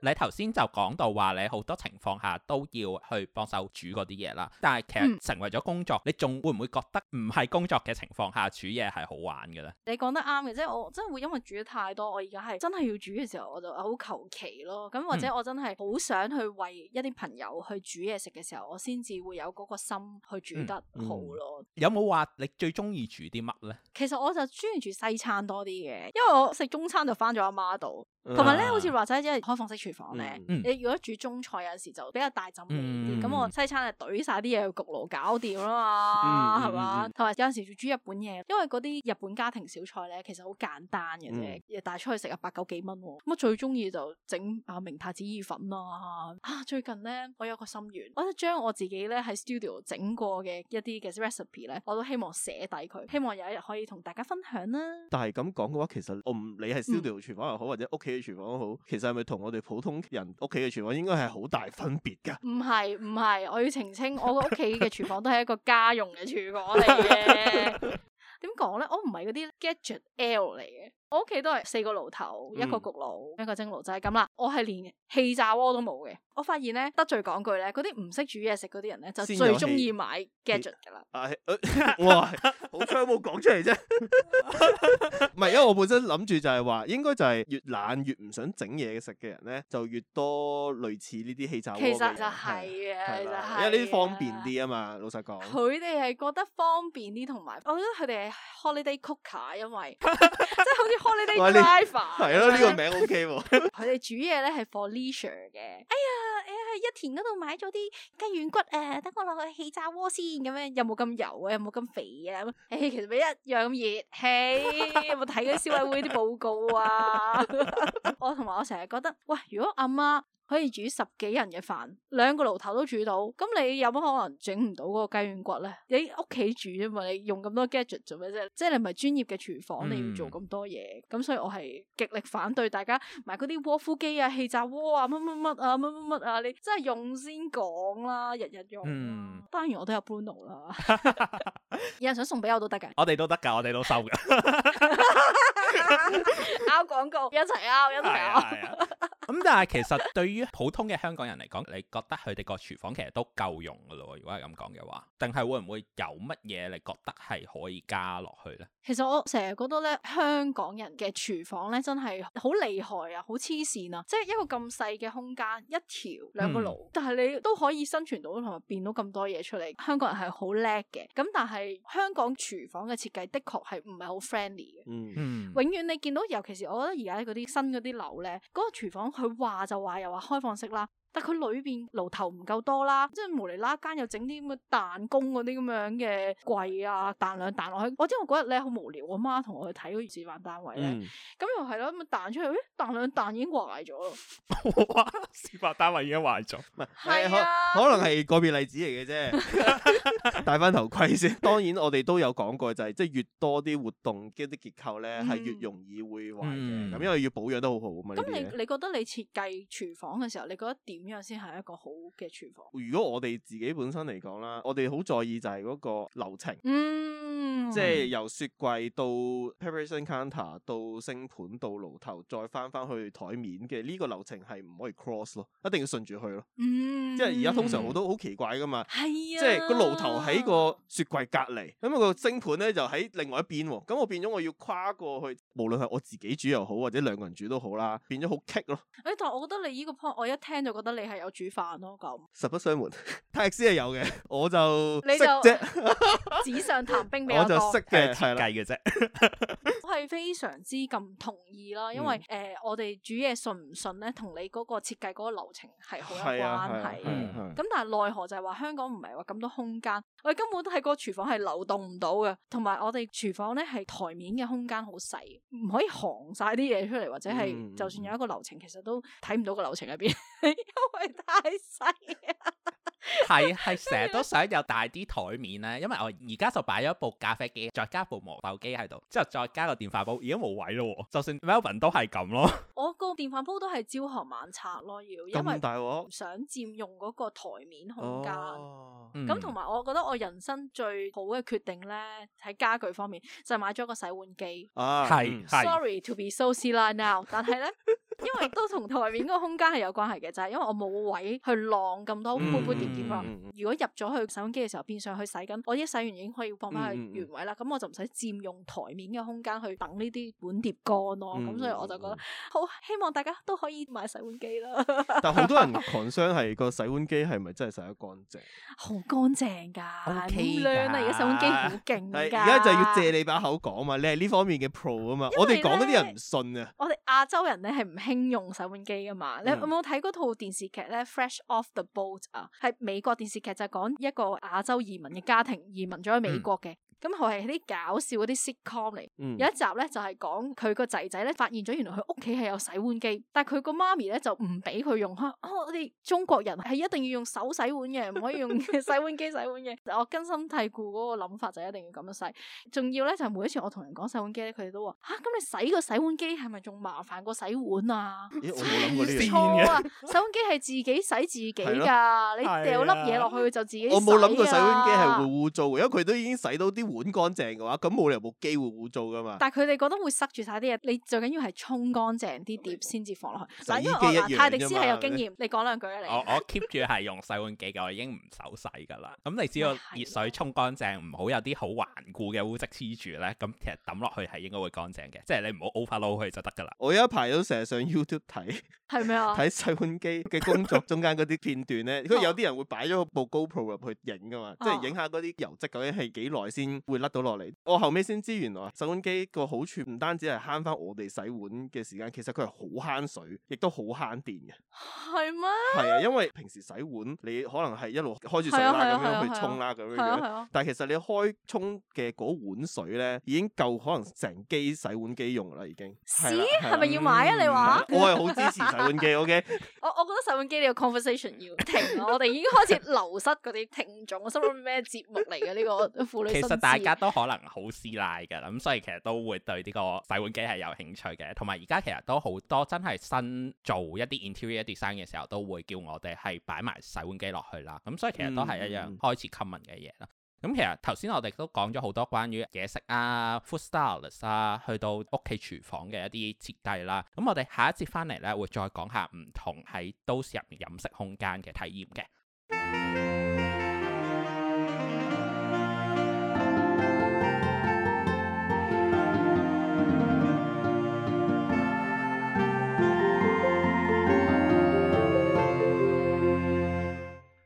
你頭先就講到話，你好多情況下都要去幫手煮嗰啲嘢啦，但係其實成為咗工作，你仲會唔會覺得唔係工作嘅情況下煮嘢係好玩嘅咧？你講得啱嘅，即係我真係會因為煮得太多，我而家係真係要煮嘅時候，我就好求其咯。咁或者我真係好想去為一啲朋友去煮嘢食嘅時候，我先至會有嗰個心去煮得好咯。嗯，嗯。有冇話你最中意煮啲乜咧？其實我就中意煮西餐多啲嘅，因為我食中餐就翻咗阿媽度。同埋咧，好似話齋即係開放式廚房咧，嗯嗯、你如果煮中菜有陣時就比較大陣味，咁、嗯、我西餐就懟晒啲嘢去焗爐搞掂啦嘛，係嘛？同埋有陣時煮日本嘢，因為嗰啲日本家庭小菜咧，其實好簡單嘅啫，日帶、嗯、出去食啊百九幾蚊，咁我最中意就整阿明太子意粉啦啊，啊！最近咧，我有個心願，我將我自己咧喺 studio 整過嘅一啲嘅 recipe 咧，我都希望寫底佢，希望有一日可以同大家分享啦。但係咁講嘅話，其實我唔理係 studio 廚房又好，或者屋企。廚房好，其實係咪同我哋普通人屋企嘅廚房應該係好大分別㗎？唔係唔係，我要澄清，我屋企嘅廚房都係一個家用嘅廚房嚟嘅。點講咧？我唔係嗰啲 gadget L 嚟嘅。我屋企都係四個爐頭，嗯、一個焗爐，一個蒸爐，就係咁啦。我係連氣炸鍋都冇嘅。我發現咧，得罪講句咧，嗰啲唔識煮嘢食嗰啲人咧，就最中意買 gadget 噶啦。誒，我係好彩冇講出嚟啫。唔係，因為我本身諗住就係話，應該就係越懶越唔想整嘢食嘅人咧，就越多類似呢啲氣炸鍋。其實係嘅，係啦的，因為呢啲方便啲啊嘛。老實講，佢哋係覺得方便啲，同埋我覺得佢哋係 holiday cooker，因為即係 [laughs] 好似。你哋係咯，呢個名 OK 喎。佢哋煮嘢咧係 for leisure 嘅。哎呀，哎呀，喺一田嗰度買咗啲雞軟骨啊，等、呃、我落去氣炸鍋先咁樣，有冇咁油啊？有冇咁肥啊？哎、欸，其實咪一樣咁熱氣。 [laughs] 有冇睇緊消委會啲報告啊？ [laughs] 我同埋我成日覺得，喂，如果阿媽可以煮十幾人嘅飯，兩個爐頭都煮到。咁你有乜可能整唔到嗰個雞軟骨咧？你屋企煮啫嘛，你用咁多 gadget 做咩啫？即、就、係、是、你唔係專業嘅廚房，你要做咁多嘢。咁、嗯、所以我係極力反對大家買嗰啲窩夫機啊、氣炸鍋啊、乜乜乜啊、乜乜乜啊。你真係用先講啦、啊，日日用、啊。嗯，當然我都有 Bruno 啦。有 [laughs] [laughs] 人想送俾我都得嘅 [laughs] 我哋都得噶，我哋都收噶。溝 [laughs] [laughs] 廣告一齊溝，一齊溝。一 [laughs] [laughs] 咁、嗯、但係其實對於普通嘅香港人嚟講，你覺得佢哋個廚房其實都夠用㗎咯。如果係咁講嘅話，定係會唔會有乜嘢你覺得係可以加落去咧？其實我成日覺得咧，香港人嘅廚房咧真係好厲害啊，好黐線啊！即係一個咁細嘅空間一條兩個爐，嗯、但係你都可以生存到同埋變到咁多嘢出嚟。香港人係好叻嘅，咁但係香港廚房嘅設計的確係唔係好 friendly 嘅。嗯嗯，永遠你見到，尤其是我覺得而家嗰啲新嗰啲樓咧，嗰、嗰個廚房。佢話，話，就話又話開放式啦。但佢裏邊爐頭唔夠多啦，即係無厘啦間又整啲咁嘅彈弓嗰啲咁樣嘅櫃啊，彈兩彈落去。我知我嗰日咧好無聊媽媽，我媽同我去睇嗰個示範單位咧，咁、嗯、又係咯，咁彈出去，誒，彈兩彈已經壞咗咯。我話示範單位已經壞咗，係、啊欸，可能係個別例子嚟嘅啫。 [laughs] [laughs] 戴翻頭盔先。當然我哋都有講過就係、是，即、就、係、是、越多啲活動，即係啲結構咧係越容易會壞嘅。咁、嗯嗯、因為要保養得好好咁啊。咁、嗯、你你覺得你設計廚房嘅時候，你覺得點？點樣先係一個好嘅廚房？如果我哋自己本身嚟講啦，我哋好在意就係嗰個流程，嗯，即係由雪櫃到 preparation counter，到星盆到爐頭，再翻翻去台面嘅呢個流程係唔可以 cross 咯，一定要順住去咯，嗯、即係而家通常好多好奇怪噶嘛，係啊，即係個爐頭喺個雪櫃隔離，咁個星盆咧就喺另外一邊喎，咁我變咗我要跨過去。無論係我自己煮又好，或者兩個人煮都好啦，變咗好棘咯。誒、欸，但係我覺得你呢個 point，我一聽就覺得你係有煮飯咯咁。實不相瞞，大師係有嘅，我就你就即係紙上談兵我哥哥，我就識嘅設計嘅啫。我係 [laughs] 非常之咁同意啦，因為誒、嗯呃、我哋煮嘢順唔順咧，同你嗰個設計嗰個流程係好有關係。咁、啊啊啊、但係奈何就係話香港唔係話咁多空間，我哋根本都喺個廚房係流動唔到嘅，同埋我哋廚房咧係台面嘅空間好細。唔可以行晒啲嘢出嚟，或者係就算有一個流程，嗯、其實都睇唔到個流程喺邊，因為太細。係係成日都想有大啲台面咧，因為我而家就擺咗部咖啡機，再加部磨豆機喺度，之後再加個電飯煲，而家冇位咯。就算 Melvin 都係咁咯，我個電飯煲都係朝行晚拆咯，要咁大喎，唔想佔用嗰個台面空間。哦。咁同埋，嗯、我覺得我人生最好嘅決定咧，喺家具方面就係、買咗個洗碗機。係 Sorry to be so silly now， [laughs] 但係咧。 [laughs] 因為都同台面嗰個空間係有關係嘅，就係因為我冇位去晾咁多杯杯碟碟,碟,碟,碟,碟碟。啦、嗯。嗯、如果入咗去洗碗機嘅時候變相去洗緊，我一洗完已經可以放翻去原位啦。咁、嗯、我就唔使佔用台面嘅空間去等呢啲碗碟乾咯。咁、嗯嗯、所以我就覺得好希望大家都可以買洗碗機啦。嗯、 [laughs] 但好多人狂傷係個洗碗機係咪真係洗得乾淨？乾淨好乾淨㗎，好靚啊！而家洗碗機好勁㗎。而家就要借你把口講嘛，你係呢方面嘅 pro 啊嘛。我哋講嗰啲人唔信啊。我哋亞洲人咧係唔～輕用洗碗機啊嘛，mm hmm. 你有冇睇嗰套電視劇咧？Fresh off the boat 啊，係美國電視劇就係講一個亞洲移民嘅家庭，移民咗去美國嘅。Mm hmm. 咁佢係啲搞笑嗰啲 sitcom 嚟，嗯、有一集咧就係講佢個仔仔咧發現咗，原來佢屋企係有洗碗機，但係佢個媽咪咧就唔俾佢用。哦，我哋中國人係一定要用手洗碗嘅，唔 [laughs] 可以用洗碗機洗碗嘅。 [laughs] 我根深蒂固嗰個諗法就一定要咁樣洗。仲要咧就係、每一次我同人講洗碗機咧，佢哋都話：吓、啊、咁你洗個洗碗機係咪仲麻煩過洗碗啊？我冇諗過呢件事。錯啊，先的笑洗碗機係自己洗自己噶，了你掉粒嘢落去就自己洗了。我冇諗過洗碗機係會污糟，因為佢都已經洗到啲。碗乾淨嘅話，咁冇理由冇機會污糟噶嘛。但係佢哋覺得會塞住晒啲嘢，你最緊要係沖乾淨啲碟先至放落去。洗碗機一樣啫嘛。泰迪斯係有經驗，麼你講兩句啊你。我我 keep 住係用洗碗機嘅， [laughs] 我已經唔手洗㗎啦。咁你只要熱水沖乾淨，唔好有啲好頑固嘅污漬黐住咧，咁其實抌落去係應該會乾淨嘅。即係你唔好 overload 佢就得㗎啦。我有一排都成日上 YouTube 睇，係咩啊？睇洗碗機嘅工作中間嗰啲片段咧，如果 [laughs] 有啲人會擺咗部 GoPro 入去影㗎嘛，哦、即係影下嗰啲油漬究竟係幾耐先。會甩到落嚟。我後尾先知，原來洗碗機個好處唔單止係慳翻我哋洗碗嘅時間，其實佢係好慳水，亦都好慳電嘅。係咩？係啊，因為平時洗碗你可能係一路開住水啦，咁樣去沖啦，咁樣樣。但係其實你開沖嘅嗰碗水咧，已經夠可能成機洗碗機用噶啦，已經。咦係咪要買啊？你話？我係好支持洗碗機。OK，我我覺得洗碗機呢個 conversation 要停。我哋已經開始流失嗰啲聽眾。我心諗咩節目嚟嘅呢個婦女新？大家都可能好師奶㗎啦，咁、嗯、所以其實都會對呢個洗碗機係有興趣嘅，同埋而家其實都好多真係新做一啲 interior design 嘅時候，都會叫我哋係擺埋洗碗機落去啦。咁、嗯、所以其實都係一樣開始 common 嘅嘢啦。咁、嗯嗯嗯、其實頭先我哋都講咗好多關於嘢食啊、food styles 啊，去到屋企廚房嘅一啲設計啦。咁我哋下一節翻嚟咧，會再講下唔同喺都市入面飲食空間嘅體驗嘅。 [music]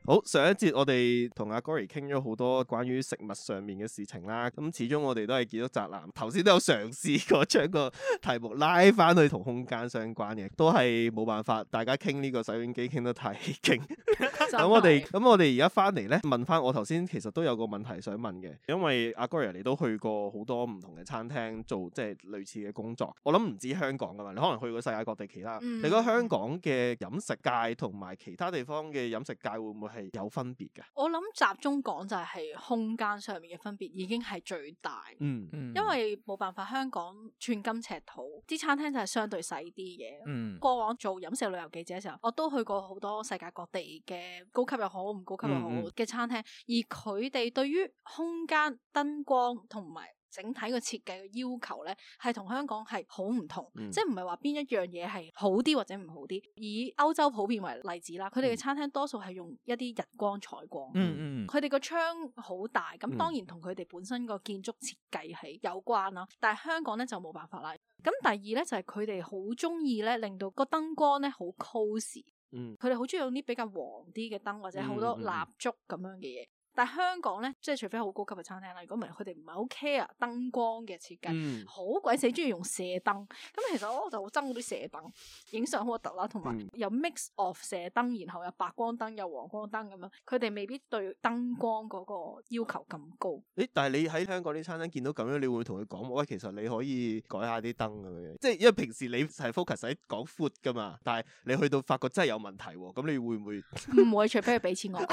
好，上一節我哋同阿 Gary 傾咗好多關於食物上面嘅事情啦，咁、嗯、始終我哋都係建築宅男，頭先都有嘗試過將個題目拉翻去同空間相關嘅，都係冇辦法，大家傾呢個洗碗機傾得太勁，咁 [laughs] 是我哋，咁我哋而家翻嚟咧，問翻我頭先其實都有個問題想問嘅。因為阿 Gary 你都去過好多唔同嘅餐廳做即係類似嘅工作，我諗唔止香港噶嘛，你可能去過世界各地其他，嗯、你覺得香港嘅飲食界同埋其他地方嘅飲食界會唔會？係有分別嘅，我諗集中講就係空間上面嘅分別已經係最大，嗯，嗯嗯，因為冇辦法香港寸金尺土，啲餐廳就係相對細啲嘅。嗯，過往做飲食旅遊記者嘅時候，我都去過好多世界各地嘅高級又好，唔高級又好嘅餐廳，嗯嗯，而佢哋對於空間、燈光同埋，整體嘅設計嘅要求咧，係同香港係好唔同，嗯、即係唔係話邊一樣嘢係好啲或者唔好啲。以歐洲普遍為例子啦，佢哋嘅餐廳多數係用一啲日光採光，嗯嗯，佢哋個窗好大，咁當然同佢哋本身個建築設計係有關啦。嗯、但係香港咧，就冇辦法啦。咁第二咧，就係佢哋好中意咧，令到個燈光咧好 cosy，嗯，佢哋好中意用啲比較黃啲嘅燈或者好多蠟燭咁樣嘅嘢。但香港呢，即係除非好高級嘅餐廳啦。如果唔係，佢哋唔係好 care 燈光嘅設計，好鬼死中意用射燈。咁其實我就好憎嗰啲射燈影相好核突啦，同埋有 mix of 射燈，然後有白光燈、有黃光燈咁樣。佢哋未必對燈光嗰個要求咁高。誒，但係你喺香港啲餐廳見到咁樣，你會同佢講，喂，其實你可以改下啲燈咁樣。即係因為平時你係 focus 喺講 food 㗎嘛，但係你去到發覺真係有問題喎，咁你會唔會？唔 [laughs] 會，除非佢俾錢我。 [laughs]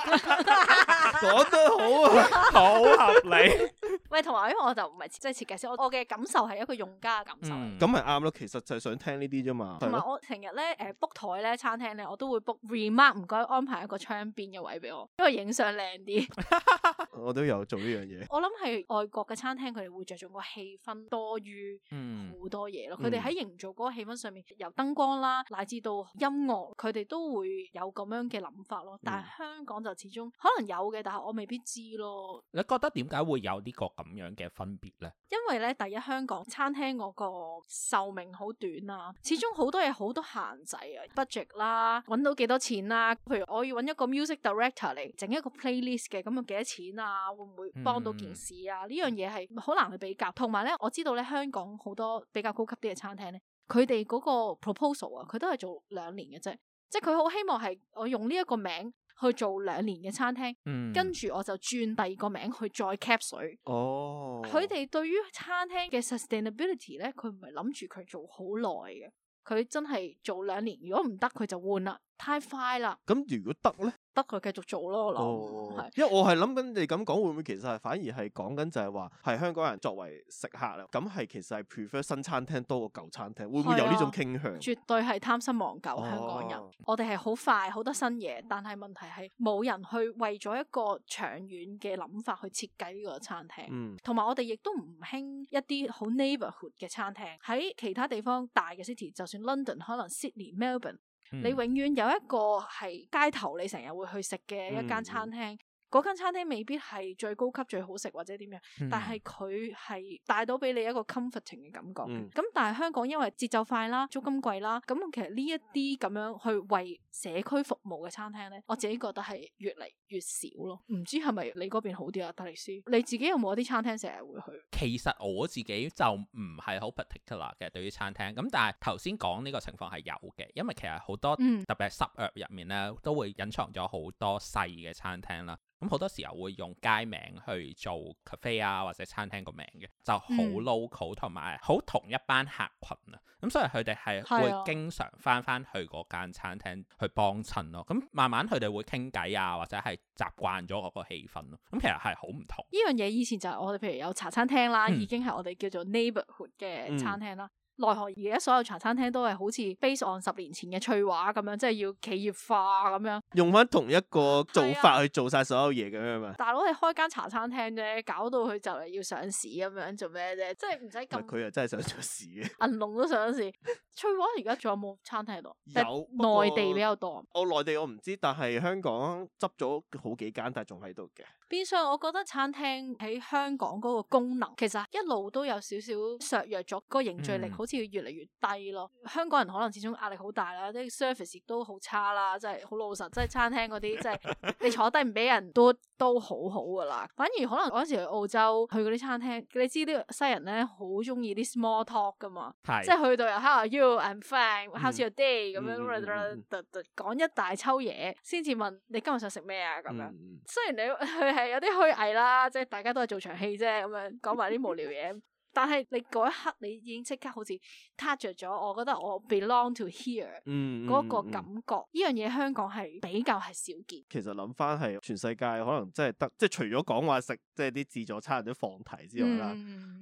[laughs] 講 [laughs] 得好，好合理。 [laughs] 喂，同埋，因為我就唔係即係設計師，我我嘅感受係一個用家嘅感受。咁咪啱咯，其實就係想聽呢啲啫嘛。同埋我成日咧，誒 book 台咧，餐廳咧，我都會 book remark，唔該安排一個窗邊嘅位俾我，因為影相靚啲。 [laughs] [laughs] 我都有做呢樣嘢。我諗係外國嘅餐廳，佢哋會着重個氣氛多於好多嘢咯。佢哋喺營造嗰個氣氛上面，由燈光啦，乃至到音樂，佢哋都會有咁樣嘅諗法咯。但係香港就始終可能有。嘅，但係我未必知咯。你覺得點解會有呢個咁樣嘅分別咧？因為咧，第一香港餐廳嗰個壽命好短啦、啊，始終好多嘢好多限制啊，budget 啦，揾到幾多錢啦、啊。譬如我要揾一個 music director 嚟整一個 playlist 嘅，咁又幾多錢啊？會唔會幫到件事啊？呢、嗯、樣嘢係好難去比較。同埋咧，我知道咧，香港好多比較高級啲嘅餐廳咧，佢哋嗰個 proposal 啊，佢都係做兩年嘅啫。即係佢好希望係我用呢一個名。去做兩年嘅餐廳，嗯，跟住我就轉第二個名去再 cap 水。哦，佢哋對於餐廳嘅 sustainability 咧，佢唔係諗住佢做好耐嘅，佢真係做兩年，如果唔得佢就換啦。太快啦！咁如果得咧，得佢繼續做咯，我諗、哦。是因為我係諗緊，你咁講會唔會其實係反而係講緊就係話，係香港人作為食客啦，咁係其實係 prefer 新餐廳多過舊餐廳，會唔會有呢種傾向、哦？絕對係貪新忘舊，哦、香港人。我哋係好快好多新嘢，但係問題係冇人去為咗一個長遠嘅諗法去設計呢個餐廳。嗯，同埋我哋亦都唔興一啲好 neighborhood 嘅餐廳。喺其他地方大嘅 city，就算 London，可能 Sydney、Melbourne。你永遠有一個係街頭，你成日會去食嘅一間餐廳，嗰、嗯、間餐廳未必係最高級最好食或者點樣，嗯、但係佢係帶到俾你一個 comforting 嘅感覺。咁、嗯、但係香港因為節奏快啦，租金貴啦，咁其實呢一啲咁樣去為社區服務嘅餐廳咧，我自己覺得係越嚟越少咯，唔知係咪你嗰邊好啲啊，達利斯？你自己有冇啲餐廳成日會去？其實我自己就唔係好 particular 嘅對於餐廳，咁但係頭先講呢個情況係有嘅，因為其實好多、嗯、特別係 suburb 入面咧，都會隱藏咗好多細嘅餐廳啦。咁好多時候會用街名去做 cafe 啊或者餐廳個名嘅，就好 local 同埋好同一班客群啊。咁所以佢哋係會經常返返去嗰間餐廳去幫襯咯。咁慢慢佢哋會傾偈啊，或者係。習慣咗嗰個氣氛咯，咁其實係好唔同。呢樣嘢以前就係我哋，譬如有茶餐廳啦，嗯、已經係我哋叫做 neighborhood 嘅餐廳啦。嗯內奈何而家所有茶餐廳都係好似 Base on 十年前嘅翠華咁樣，即係要企業化咁樣。用翻同一個做法去做晒所有嘢咁樣嘛？啊、大佬你開間茶餐廳啫，搞到佢就係要上市咁樣，做咩啫？即係唔使咁。佢又真係想上市嘅。 [laughs] 銀龍都想上市。 [laughs] 翠華而家仲有冇餐廳度？有，內地比較多。我，我內地我唔知，但係香港執咗好幾間，但係仲喺度嘅。變相我覺得餐廳喺香港嗰個功能其實一路都有少少削弱咗，嗰、嗰個凝聚力好似越嚟越低咯。嗯、香港人可能始終壓力好大啦，啲 service 都好差啦，真係好老實。即係餐廳嗰啲，即係 [laughs] 你坐低唔俾人都都好好噶啦。反而可能我嗰時去澳洲，去嗰啲餐廳，你知呢西人咧好中意啲 small talk 噶嘛，是即係去到又喺度是 how are you I'm fine how's your day 咁樣哆講、嗯嗯、一大抽嘢，先至問你今日想食咩啊咁樣。雖然你佢 [laughs] [music] 有啲虛偽啦，即、就、係、是、大家都係做場戲啫，咁樣講埋啲無聊嘢。 [laughs] 但係你嗰一刻，你已經即刻好似卡着咗，我覺得我 belong to here 嗰、嗯嗯、個感覺，呢、嗯嗯、樣嘢香港係比較係少見。其實諗返係全世界可能真係得，即係除咗講話食，即係啲自助餐或者放題之外啦，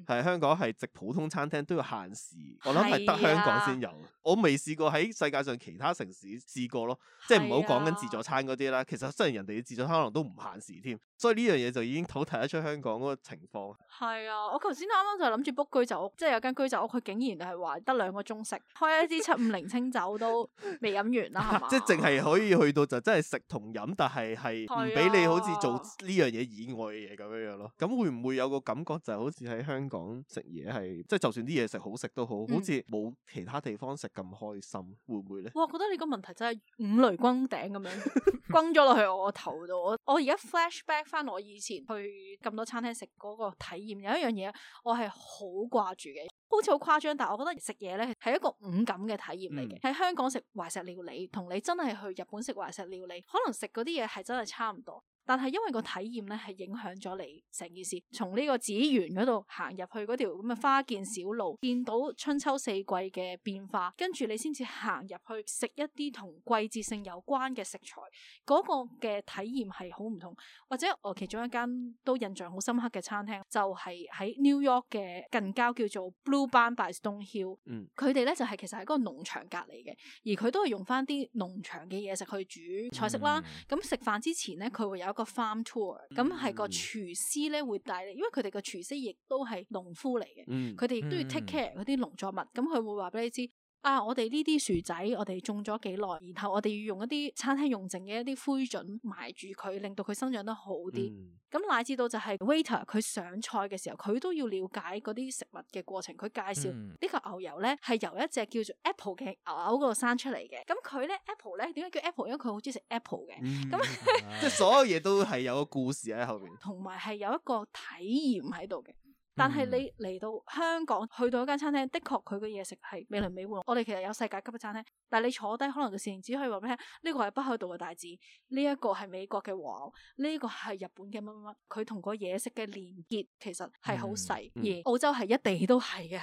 係、嗯、香港係食普通餐廳都要限時，我諗係得香港先有。是啊、我未試過喺世界上其他城市試過咯，即係唔好講緊自助餐嗰啲啦。其實雖然人哋嘅自助餐可能都唔限時添。所以呢樣嘢就已經討談得出香港嗰個情況。係啊，我頭先啱啱就係諗住 book 居酒屋，即係有間居酒屋，佢竟然係話得兩個鐘食，開一支七五零清酒都未飲完啦，係嘛 [laughs] 吧？即係淨係可以去到就真係食同飲，但係係唔俾你好似做呢樣嘢以外嘅嘢咁樣樣咯。咁會唔會有個感覺就係好似喺香港食嘢係，即係就算啲嘢食好食都好，好似冇其他地方食咁開心，嗯、會唔會咧？我覺得你個問題真係五雷轟頂咁樣 [laughs] 轟咗落去我頭度，我我而家 flashback。翻我以前去咁多餐廳食嗰個體驗，有一樣嘢我係好掛住嘅，好似好誇張，但係我覺得食嘢咧係一個五感嘅體驗嚟嘅。喺、嗯、香港食懷石料理，同你真係去日本食懷石料理，可能食嗰啲嘢係真係差唔多。但係因為個體驗咧，係影響咗你成件事。從呢個紫園嗰度行入去嗰條咁嘅花見小路，見到春秋四季嘅變化，跟住你先至行入去食一啲同季節性有關嘅食材，嗰個嘅體驗係好唔同。或者我其中一間都印象好深刻嘅餐廳，就係喺 New York 嘅近郊叫做 Blue Band by Stone Hill。嗯，佢哋咧就係其實喺嗰個農場隔離嘅，而佢都係用翻啲農場嘅嘢食去煮菜式啦。咁食飯之前咧，佢會有個 farm tour，咁係個廚師咧會帶你，因為佢哋個廚師亦都係農夫嚟嘅，嗯，佢哋亦都要 take care 嗰啲農作物，咁佢會話俾你知。啊！我哋呢啲薯仔，我哋種咗幾耐，然後我哋要用一啲餐廳用剩嘅一啲灰準埋住佢，令到佢生長得好啲。咁、嗯、乃至到就係 waiter 佢上菜嘅時候，佢都要了解嗰啲食物嘅過程，佢介紹呢、嗯、個牛油咧係由一隻叫做 Apple 嘅牛牛嗰度生出嚟嘅。咁佢咧 Apple 咧點解叫 Apple？因為佢好中意食 Apple 嘅。咁、嗯、 [laughs] 即係所有嘢都係有個故事喺後邊，同埋係有一個體驗喺度嘅。但係你嚟到香港，去到一間餐廳，的確佢嘅嘢食係美輪美奐。 [noise] 我哋其實有世界級嘅餐廳，但係你坐低可能嘅事只可以話俾你聽，呢個係北海道嘅大字，呢一個係美國嘅和牛，呢個係日本嘅乜乜乜，佢同個嘢食嘅連結其實係好細。嗯嗯、而澳洲係一地都係嘅，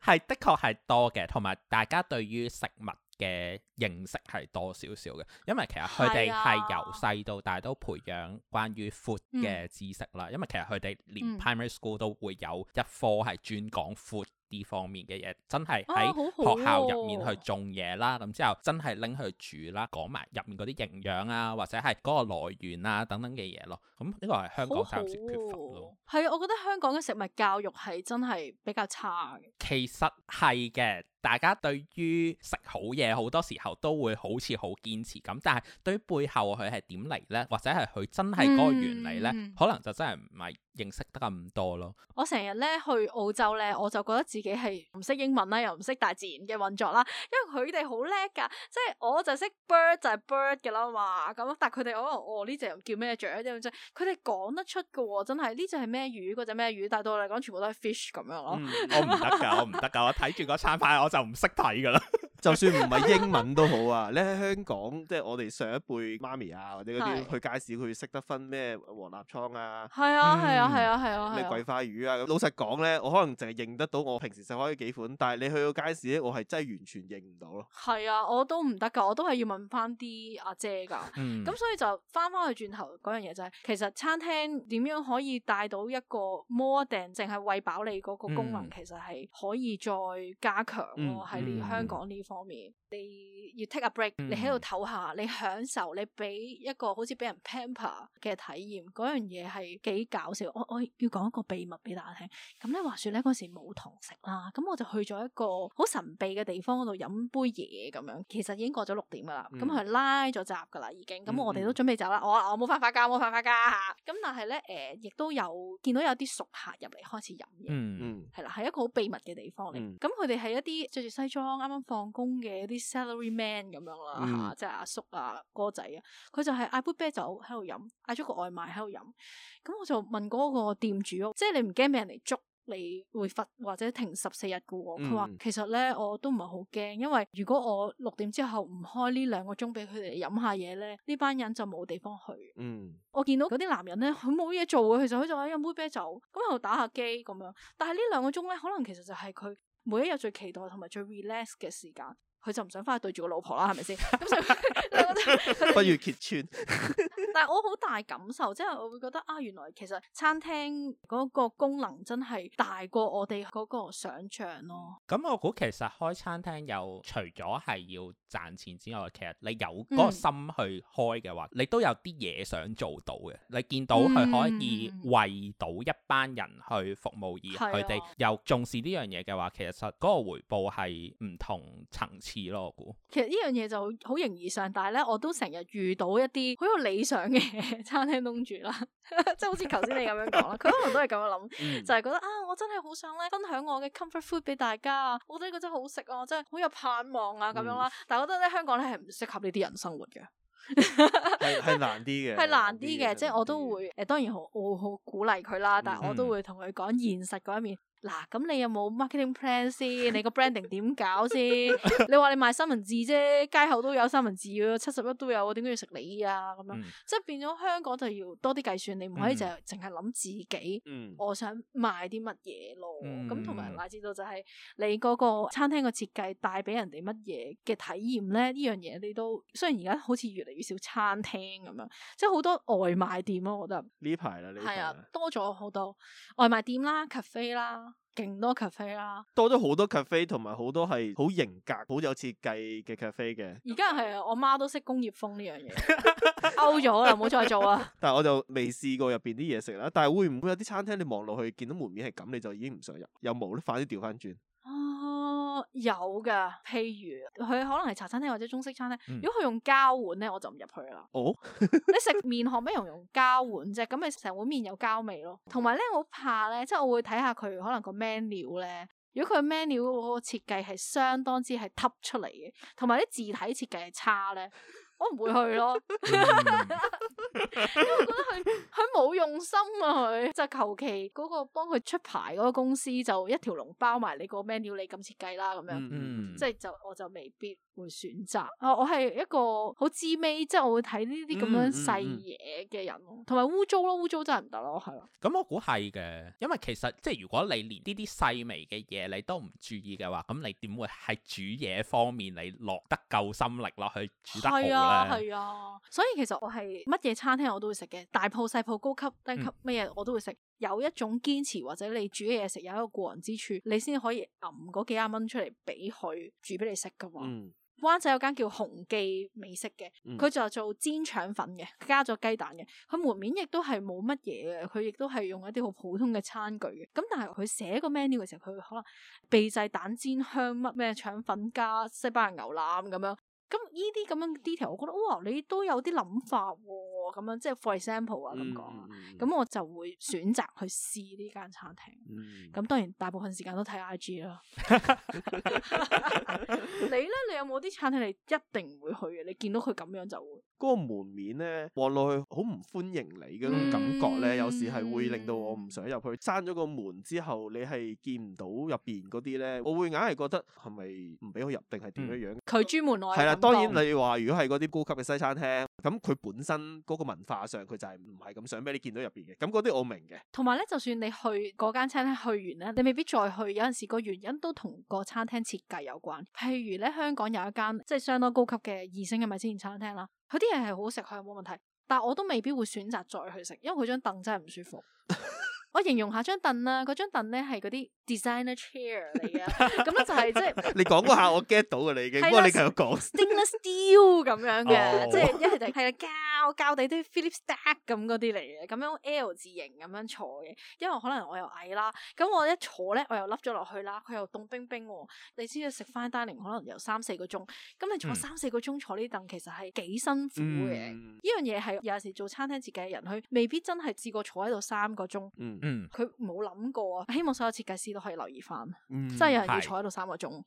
係 [laughs] 的確係多嘅，同埋大家對於食物嘅認識係多少少嘅，因為其實佢哋係由細到大都培養關於闊嘅知識啦。嗯、因為其實佢哋連 primary school 都會有一科係專講闊。呢方面嘅嘢真係喺學校入面去種嘢啦，咁之、啊啊、後真係拎去煮啦，講埋入面嗰啲營養啊，或者係嗰個來源啊等等嘅嘢咯。咁、嗯、呢、這個係香港暫時缺乏咯。係啊，我覺得香港嘅食物教育係真係比較差。其實，係嘅，大家對於食好嘢好多時候都會好似好堅持咁，但係對於背後佢係點嚟咧，或者係佢真係嗰個原理咧，嗯、可能就真係唔係。認識得咁多咯，我成日咧去澳洲咧，我就覺得自己係唔識英文啦，又唔識大自然嘅運作啦，因為佢哋好叻噶，即係我就識 bird 就係 bird 噶啦嘛，咁但係佢哋可能哦，呢隻又叫咩雀啫，佢哋講得出噶喎，真係呢隻係咩魚，嗰隻咩魚，但係對我嚟講全部都係 fish 咁樣咯，嗯。我唔得噶，我唔得噶，我睇住個餐牌我就唔識睇噶啦。就算唔係英文都好啊！你喺香港，即係我哋上一輩媽咪啊，或者嗰啲去街市，佢識得分咩黃立倉啊，係啊，係啊，係啊，係啊，咩桂花魚啊。老實講咧，我可能淨係認得到我平時食開嗰幾款，但係你去到街市咧，我係真係完全認唔到咯。係啊，我都唔得㗎，我都係要問翻啲阿姐㗎。咁所以就翻翻去轉頭嗰樣嘢就係，其實餐廳點樣可以帶到一個 more than，淨係餵飽你嗰個功能，其實係可以再加強咯。喺你香港呢？方面，你要 take a break，、嗯、你喺度唞下，你享受，你俾一個好似俾人 pamper 嘅體驗。樣嘢係幾搞笑。我我要講一個秘密俾大家聽，咁咧話說咧嗰時冇堂食啦，咁我就去咗一個好神秘嘅地方嗰度飲杯嘢咁樣，其實已經過咗六點噶啦，咁佢拉咗閘噶啦已經，咁我哋都準備走啦、嗯哦。我我冇辦法㗎，冇辦法㗎嚇。咁但係咧誒亦都有見到有啲熟客入嚟開始飲嘢，係啦、嗯，係、嗯、一個好秘密嘅地方嚟。咁佢哋係一啲着住西裝啱啱放工。嘅一啲 salary man 咁樣啦吓，mm hmm. 即係阿叔啊、哥仔啊，佢就係嗌杯啤酒喺度飲，嗌咗個外賣喺度飲。咁我就問嗰個店主咯，即係你唔驚俾人嚟捉你會罰或者停十四日嘅？佢話、mm hmm. 其實咧，我都唔係好驚，因為如果我六點之後唔開呢兩個鐘俾佢哋飲下嘢咧，呢班人就冇地方去。嗯、mm，hmm. 我見到有啲男人咧，佢冇嘢做嘅，其實佢就喺度飲杯啤酒，咁喺度打下機咁樣。但係呢兩個鐘咧，可能其實就係佢。每一日最期待同埋最 relax 嘅時間。佢就唔想翻去對住個老婆啦，係咪先？不如揭穿。但係我好大感受，即係我會覺得啊，原來其實餐廳個功能真係大過我哋個想象咯、哦。咁我估其實開餐廳又除咗係要賺錢之外，其實你有個心去開嘅話，你都有啲嘢想做到嘅。你見到佢可以為到一班人去服務，而佢哋又重視呢樣嘢嘅話，其實個回報係唔同層次。咯，其實呢樣嘢就好形而上，但係咧我都成日遇到一啲好有理想嘅餐廳東主啦， [laughs] 即係好似頭先你咁樣講啦，佢 [laughs] 可能都係咁樣諗，嗯、就係覺得啊，我真係好想咧分享我嘅 comfort food 俾大家啊，我覺得呢個真係好食啊，我真係好有盼望啊咁樣啦，嗯、但係我覺得咧香港咧係唔適合呢啲人生活嘅，係 [laughs] 係難啲嘅，係難啲嘅，即係我都會誒、呃、當然好，我好鼓勵佢啦，但係我都會同佢講現實嗰一面。嗯嗱，咁你有冇 marketing plan 先？ [laughs] 你個 branding 點搞先？你話你賣三文治啫，街口都有三文治，七十一都有，點解要食你啊？咁樣，嗯、即係變咗香港就要多啲計算，你唔可以就淨係諗自己，我想賣啲乜嘢咯？咁同埋乃至到就係你嗰個餐廳個設計帶俾人哋乜嘢嘅體驗咧？呢樣嘢你都雖然而家好似越嚟越少餐廳咁樣，即係好多外賣店咯、啊，我覺得呢排啦，係啊，多咗好多外賣店啦，cafe 啦。勁多 cafe 啦、啊，多咗好多 cafe，同埋好多係好型格、好有設計嘅 cafe 嘅。而家係我媽都識工業風呢樣嘢勾咗啦，唔好再做啦。但係我就未試過入邊啲嘢食啦。但係會唔會有啲餐廳你望落去見到門面係咁，你就已經唔想入，有冇咧？快啲調翻轉。有噶，譬如佢可能係茶餐廳或者中式餐廳，如果佢用膠碗咧，我就唔入去啦。哦，你食麵學咩用用膠碗啫？咁咪成碗麵有膠味咯。同埋咧，我怕咧，即係我會睇下佢可能個 menu 咧，如果佢 menu 嗰個設計係相當之係凸出嚟嘅，同埋啲字體設計係差咧。 [laughs] 我唔會去咯， [laughs] 因為我覺得係佢冇用心啊，佢就求其嗰個幫佢出牌嗰個公司就一條龍包埋你個咩料理咁設計啦，咁樣，嗯嗯、即係就我就未必。會選擇啊！我係一個好滋味，即係我會睇呢啲咁樣細嘢嘅人，同埋污糟咯，污、嗯、糟、嗯、真係唔得咯，係咯。咁、嗯、我估係嘅，因為其實即係如果你連呢啲細微嘅嘢你都唔注意嘅話，咁你點會喺煮嘢方面你落得夠心力落去煮得好？係啊，係啊。所以其實我係乜嘢餐廳我都會食嘅，大鋪、細鋪、高級、低級咩嘢、嗯、我都會食。有一種堅持或者你煮嘅嘢食有一個過人之處，你先可以揞嗰幾廿蚊出嚟俾佢煮俾你食㗎喎。嗯、灣仔有間叫紅記美食嘅，佢就做煎腸粉嘅，加咗雞蛋嘅。佢門面亦都係冇乜嘢嘅，佢亦都係用一啲好普通嘅餐具嘅。咁但係佢寫個 menu 嘅時候，佢可能秘製蛋煎香乜咩腸粉加西班牙牛腩咁樣。咁呢啲咁樣 detail，我覺得哇，你都有啲諗法喎，咁樣即係 for example 啊咁講，咁、嗯、我就會選擇去試呢間餐廳。咁、嗯、當然大部分時間都睇 IG 啦。 [laughs] [laughs] 你咧，你有冇啲餐廳你一定會去嘅？你見到佢咁樣就會嗰個門面咧，望落去好唔歡迎你嘅嗰種感覺咧，嗯、有時係會令到我唔想入去。閂咗個門之後，你係見唔到入邊嗰啲咧，我會硬係覺得係咪唔俾佢入定係點樣樣？佢專門攞係啦。 [noise] 對 [noise] 當然，你話如果係嗰啲高級嘅西餐廳，咁佢本身嗰個文化上是是，佢就係唔係咁想俾你見到入邊嘅。咁嗰啲我明嘅。同埋咧，就算你去嗰間餐廳，去完咧，你未必再去。有陣時個原因都同個餐廳設計有關。譬如咧，香港有一間即係、就是、相當高級嘅二星嘅米芝蓮餐廳啦，佢啲嘢係好食，佢係冇問題，但我都未必會選擇再去食，因為佢張凳真係唔舒服。 [laughs] 我形容下張凳啦，嗰張凳咧係嗰啲 designer chair 嚟嘅，咁咧就係即係你講嗰下我 get 到嘅你嘅， [laughs] 不過你繼續講。Stainless steel 咁樣嘅，即係一係就係膠膠地啲 Philippe Starck 咁嗰啲嚟嘅，咁樣 L 字形，咁樣坐嘅。因為可能我又矮啦，咁我一坐咧我又凹咗落去啦，佢又凍冰冰喎。你知嘅食 fine dining 可能由三四個鐘，咁你坐三四個鐘坐呢凳其實係幾辛苦嘅。呢、嗯嗯、樣嘢係有陣時做餐廳設計嘅人佢未必真係試過坐喺度三個鐘。嗯嗯，佢冇諗過啊！希望所有設計師都可以留意翻，嗯、真係有人要坐喺度三個鐘，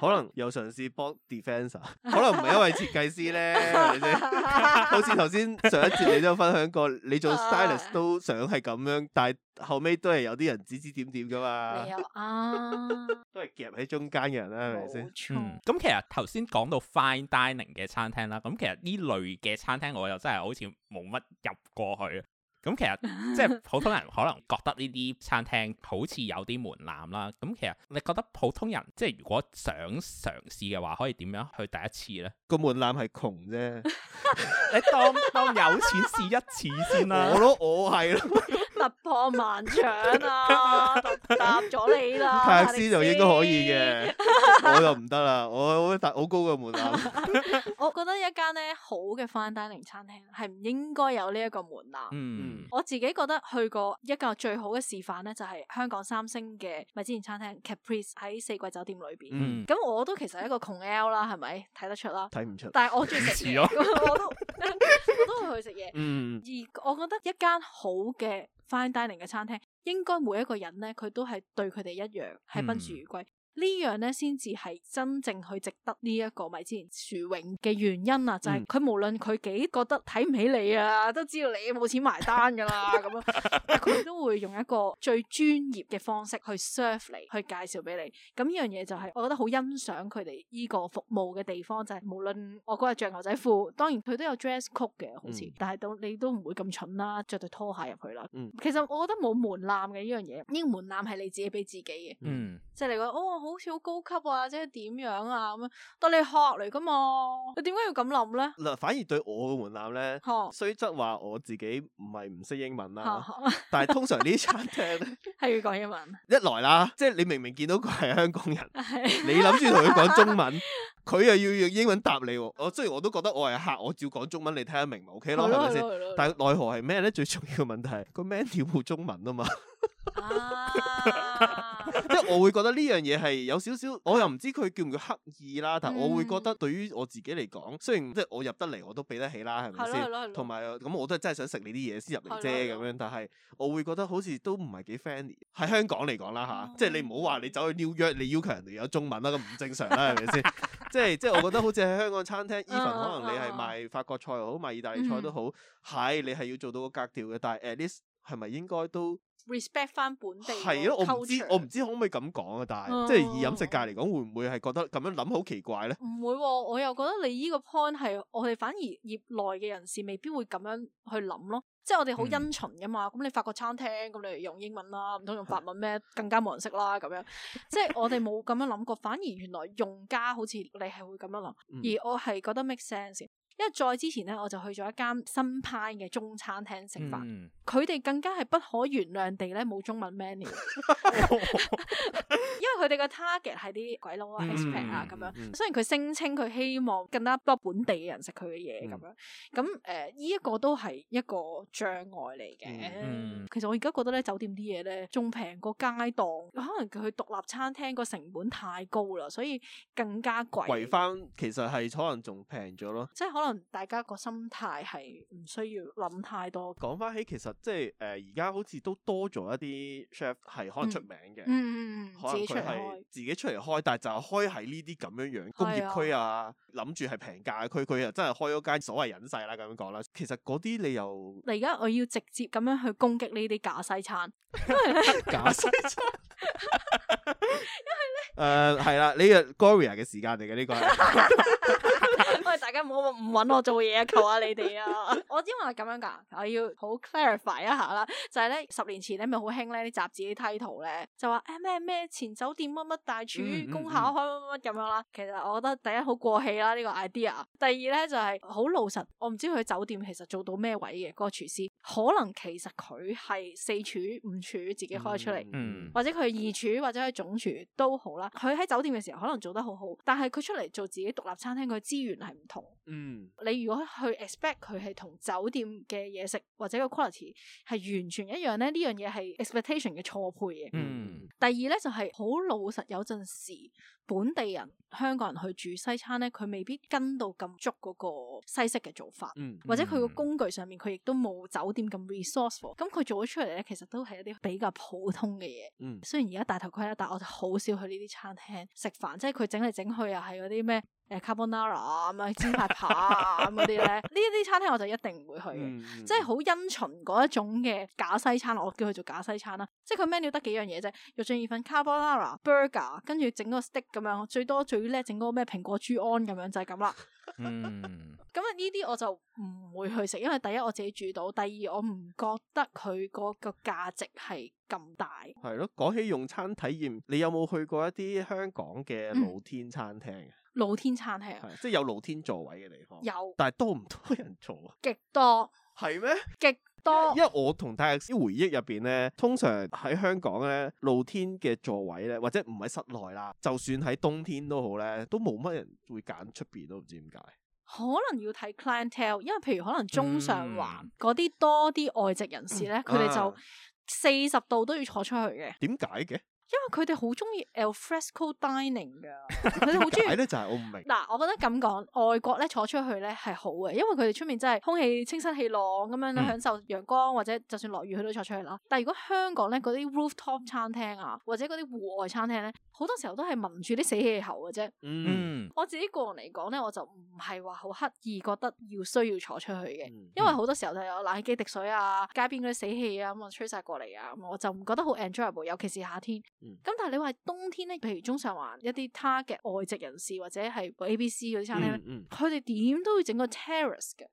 可能有嘗試幫 defense、啊、可能唔係因為設計師咧，係咪先？好似頭先上一節你都有分享過，你做 stylist 都想係咁樣，但係後尾都係有啲人指指點點噶嘛，你又啱，啊、 [laughs] 都係夾喺中間嘅人啦、啊，係咪先？嗯，咁其實頭先講到 fine dining 嘅餐廳啦，咁其實呢類嘅餐廳我又真係好似冇乜入過去。咁其實即係普通人可能覺得呢啲餐廳好似有啲門檻啦。咁其實你覺得普通人即係如果想嘗試嘅話，可以點樣去第一次呢？個門檻係窮啫， [laughs] 你當 [laughs] 當有錢試一次先啦、啊。我咯，我係咯。突破萬丈啊！答咗你啦，泰式就應該可以嘅，我又唔得啦，我好大好高嘅門檻。我覺得一間咧好嘅 fine dining 餐廳係唔應該有呢一個門檻。嗯，我自己覺得去過一個最好嘅示範咧，就係香港三星嘅米芝蓮餐廳 Caprice 喺四季酒店裏邊。嗯，咁我都其實一個窮 L 啦，係咪睇得出啦？睇唔出。但係我中意食嘢，我都我都會去食嘢。嗯，而我覺得一間好嘅。Fine dining 嘅餐廳，應該每一個人咧，佢都係對佢哋一樣，係賓至如歸。樣呢樣咧先至係真正去值得呢、這、一個咪之前殊榮嘅原因啊，就係、是、佢無論佢幾覺得睇唔起你啊，都知道你冇錢埋單㗎啦咁咯咁樣，佢 [laughs] 都會用一個最專業嘅方式去 serve 你，去介紹俾你。咁呢樣嘢就係、是、我覺得好欣賞佢哋呢個服務嘅地方，就係、是、無論我嗰日着牛仔褲，當然佢都有 dress code 嘅，好似，嗯、但係到你都唔會咁蠢啦，着對拖鞋入去啦。嗯、其實我覺得冇門檻嘅呢樣嘢，呢、這個門檻係你自己俾自己嘅，嗯、即係你覺得哦。哦好似好高級啊，即係點樣啊咁樣，但你客嚟噶嘛？你點解要咁諗咧？嗱，反而對我嘅門檻咧，雖則話我自己唔係唔識英文啦，但係通常呢啲餐廳係要講英文。一來啦，即係你明明見到佢係香港人，你諗住同佢講中文，佢又要用英文答你。我雖然我都覺得我係客，我照講中文，你聽得明咪 OK 咯，係咪先？但係奈何係咩咧？最重要問題，個 menu 要有中文啊嘛。啊、 [laughs] 即係我會覺得呢樣嘢係有少少，我又唔知佢叫唔叫刻意啦。但係我會覺得對於我自己嚟講，雖然即係我入得嚟我都俾得起啦，係咪先？同埋咁我都真係想食你啲嘢先入嚟啫咁樣。 [laughs] [laughs] 但係我會覺得好似都唔係幾 friendly 喺香港嚟講啦吓，啊、 [laughs] 即係你唔好話你走去 New York，你要求人哋有中文啦，咁唔正常啦，係咪 [laughs] 先？即係即係我覺得好似喺香港餐廳，even [laughs] 可能你係賣法國菜又好，賣意大利菜都好，係 [laughs] 你係要做到個格調嘅。但係 at least 係咪應該都？respect 翻本地係咯，我唔知我唔知可唔可以咁講啊！但係即係以飲食界嚟講，會唔會係覺得咁樣諗好奇怪咧？唔會、哦，我又覺得你依個 point 係我哋反而業內嘅人士未必會咁樣去諗咯。即係我哋好殷循因循噶嘛，咁、嗯、你法國餐廳咁你用英文啦、啊，唔通用法文咩？好更加冇人識啦咁樣。即係我哋冇咁樣諗過， [laughs] 反而原來用家好似你係會咁樣諗，而我係覺得 make sense。因為再之前咧，我就去咗一間新派嘅中餐廳食飯，佢哋、嗯、更加係不可原諒地咧冇中文 menu， [laughs] [laughs] 因為佢哋嘅 target 係啲鬼佬啊、expat 啊咁樣。嗯、雖然佢聲稱佢希望更加多本地嘅人食佢嘅嘢咁樣，咁誒呢一個都係一個障礙嚟嘅。嗯嗯、其實我而家覺得咧，酒店啲嘢咧仲平過街檔，可能佢獨立餐廳個成本太高啦，所以更加貴。貴翻其實係可能仲平咗咯，即係可能。可能大家個心態係唔需要諗太多。講翻起其實即係誒，而、呃、家好似都多咗一啲 chef 係可能出名嘅，嗯，嗯嗯可能佢係自己出嚟開，開但係就開喺呢啲咁樣樣工業區啊，諗住係平價區，佢又真係開咗間所謂隱世啦，咁樣講啦。其實嗰啲你又，嗱，而家我要直接咁樣去攻擊呢啲假西餐，因為咧假西餐， [laughs] 因為咧誒係啦，你嘅、呃、Gloria 嘅時間嚟嘅呢個。 [laughs] 因 [laughs] 為大家唔好唔搵我做嘢啊，求下你哋啊！我因為咁樣噶，我要好 clarify 一下啦，就係咧十年前咧咪好興咧，啲雜誌，啲 title 咧，就話誒咩咩前酒店乜乜大廚功效開乜乜乜咁樣啦。其實我覺得第一好、這個、過氣啦呢個 idea，第二咧就係、是、好老實，我唔知佢酒店其實做到咩位嘅、那個廚師，可能其實佢係四廚五廚自己開出嚟、嗯，嗯，或者佢係二廚或者係總廚都好啦。佢喺酒店嘅時候可能做得好好，但係佢出嚟做自己獨立餐廳，佢知。原係唔同，嗯，你如果去 expect 佢係同酒店嘅嘢食或者個 quality 係完全一樣咧，呢樣嘢係 expectation 嘅錯配嘅。嗯，第二咧就係、是、好老實有，有陣時本地人、香港人去煮西餐咧，佢未必跟到咁足嗰個西式嘅做法，嗯，嗯，或者佢個工具上面佢亦都冇酒店咁 resourceful，咁佢做咗出嚟咧，其實都係一啲比較普通嘅嘢。嗯，雖然而家大頭盔啦，但我就好少去呢啲餐廳食飯，即係佢整嚟整去又係嗰啲咩。誒，carbonara 咁啊煎塊扒啊，咁嗰啲咧，呢啲餐廳我就一定唔會去嘅，嗯、即係好因循嗰一種嘅假西餐，我叫佢做假西餐啦，即係佢 menu 得幾樣嘢啫，肉醬意粉 carbonara、Carbon ara, burger，跟住整嗰個 steak 咁樣，最多最叻整嗰個咩蘋果豬安咁樣就係咁啦。咁啊呢啲我就唔會去食，因為第一我自己煮到，第二我唔覺得佢個個價值係咁大。係咯，講起用餐體驗，你有冇去過一啲香港嘅露天餐廳？嗯露天餐廳，即係有露天座位嘅地方。有，但係多唔多人坐啊多？極多。係咩？極多。因為我同泰克斯回憶入邊呢，通常喺香港呢，露天嘅座位呢，或者唔喺室內啦，就算喺冬天都好呢，都冇乜人會揀出邊，都唔知點解。可能要睇 clientele，因為譬如可能中上環嗰啲、嗯、多啲外籍人士呢，佢哋、嗯啊、就四十度都要坐出去嘅。點解嘅？因為佢哋好中意 al fresco dining 噶，佢哋好中意。點解咧？就係我唔明。嗱，我覺得咁講，外國咧坐出去咧係好嘅，因為佢哋出面真係空氣清新氣、氣朗咁樣咧，嗯、享受陽光或者就算落雨，佢都坐出去啦。但係如果香港咧，嗰啲 rooftop 餐廳啊，或者嗰啲戶外餐廳咧。好多時候都係聞住啲死氣喉嘅啫，嗯，我自己個人嚟講咧，我就唔係話好刻意覺得要需要坐出去嘅，因為好多時候就有冷氣機滴水啊，街邊嗰啲死氣啊咁啊吹晒過嚟啊，咁、啊、我就唔覺得好 enjoyable 尤其是夏天。咁、嗯、但係你話冬天咧，譬如中上環一啲，他嘅外籍人士或者係 A B C 嗰啲餐廳，佢哋點都會整個 terrace 嘅。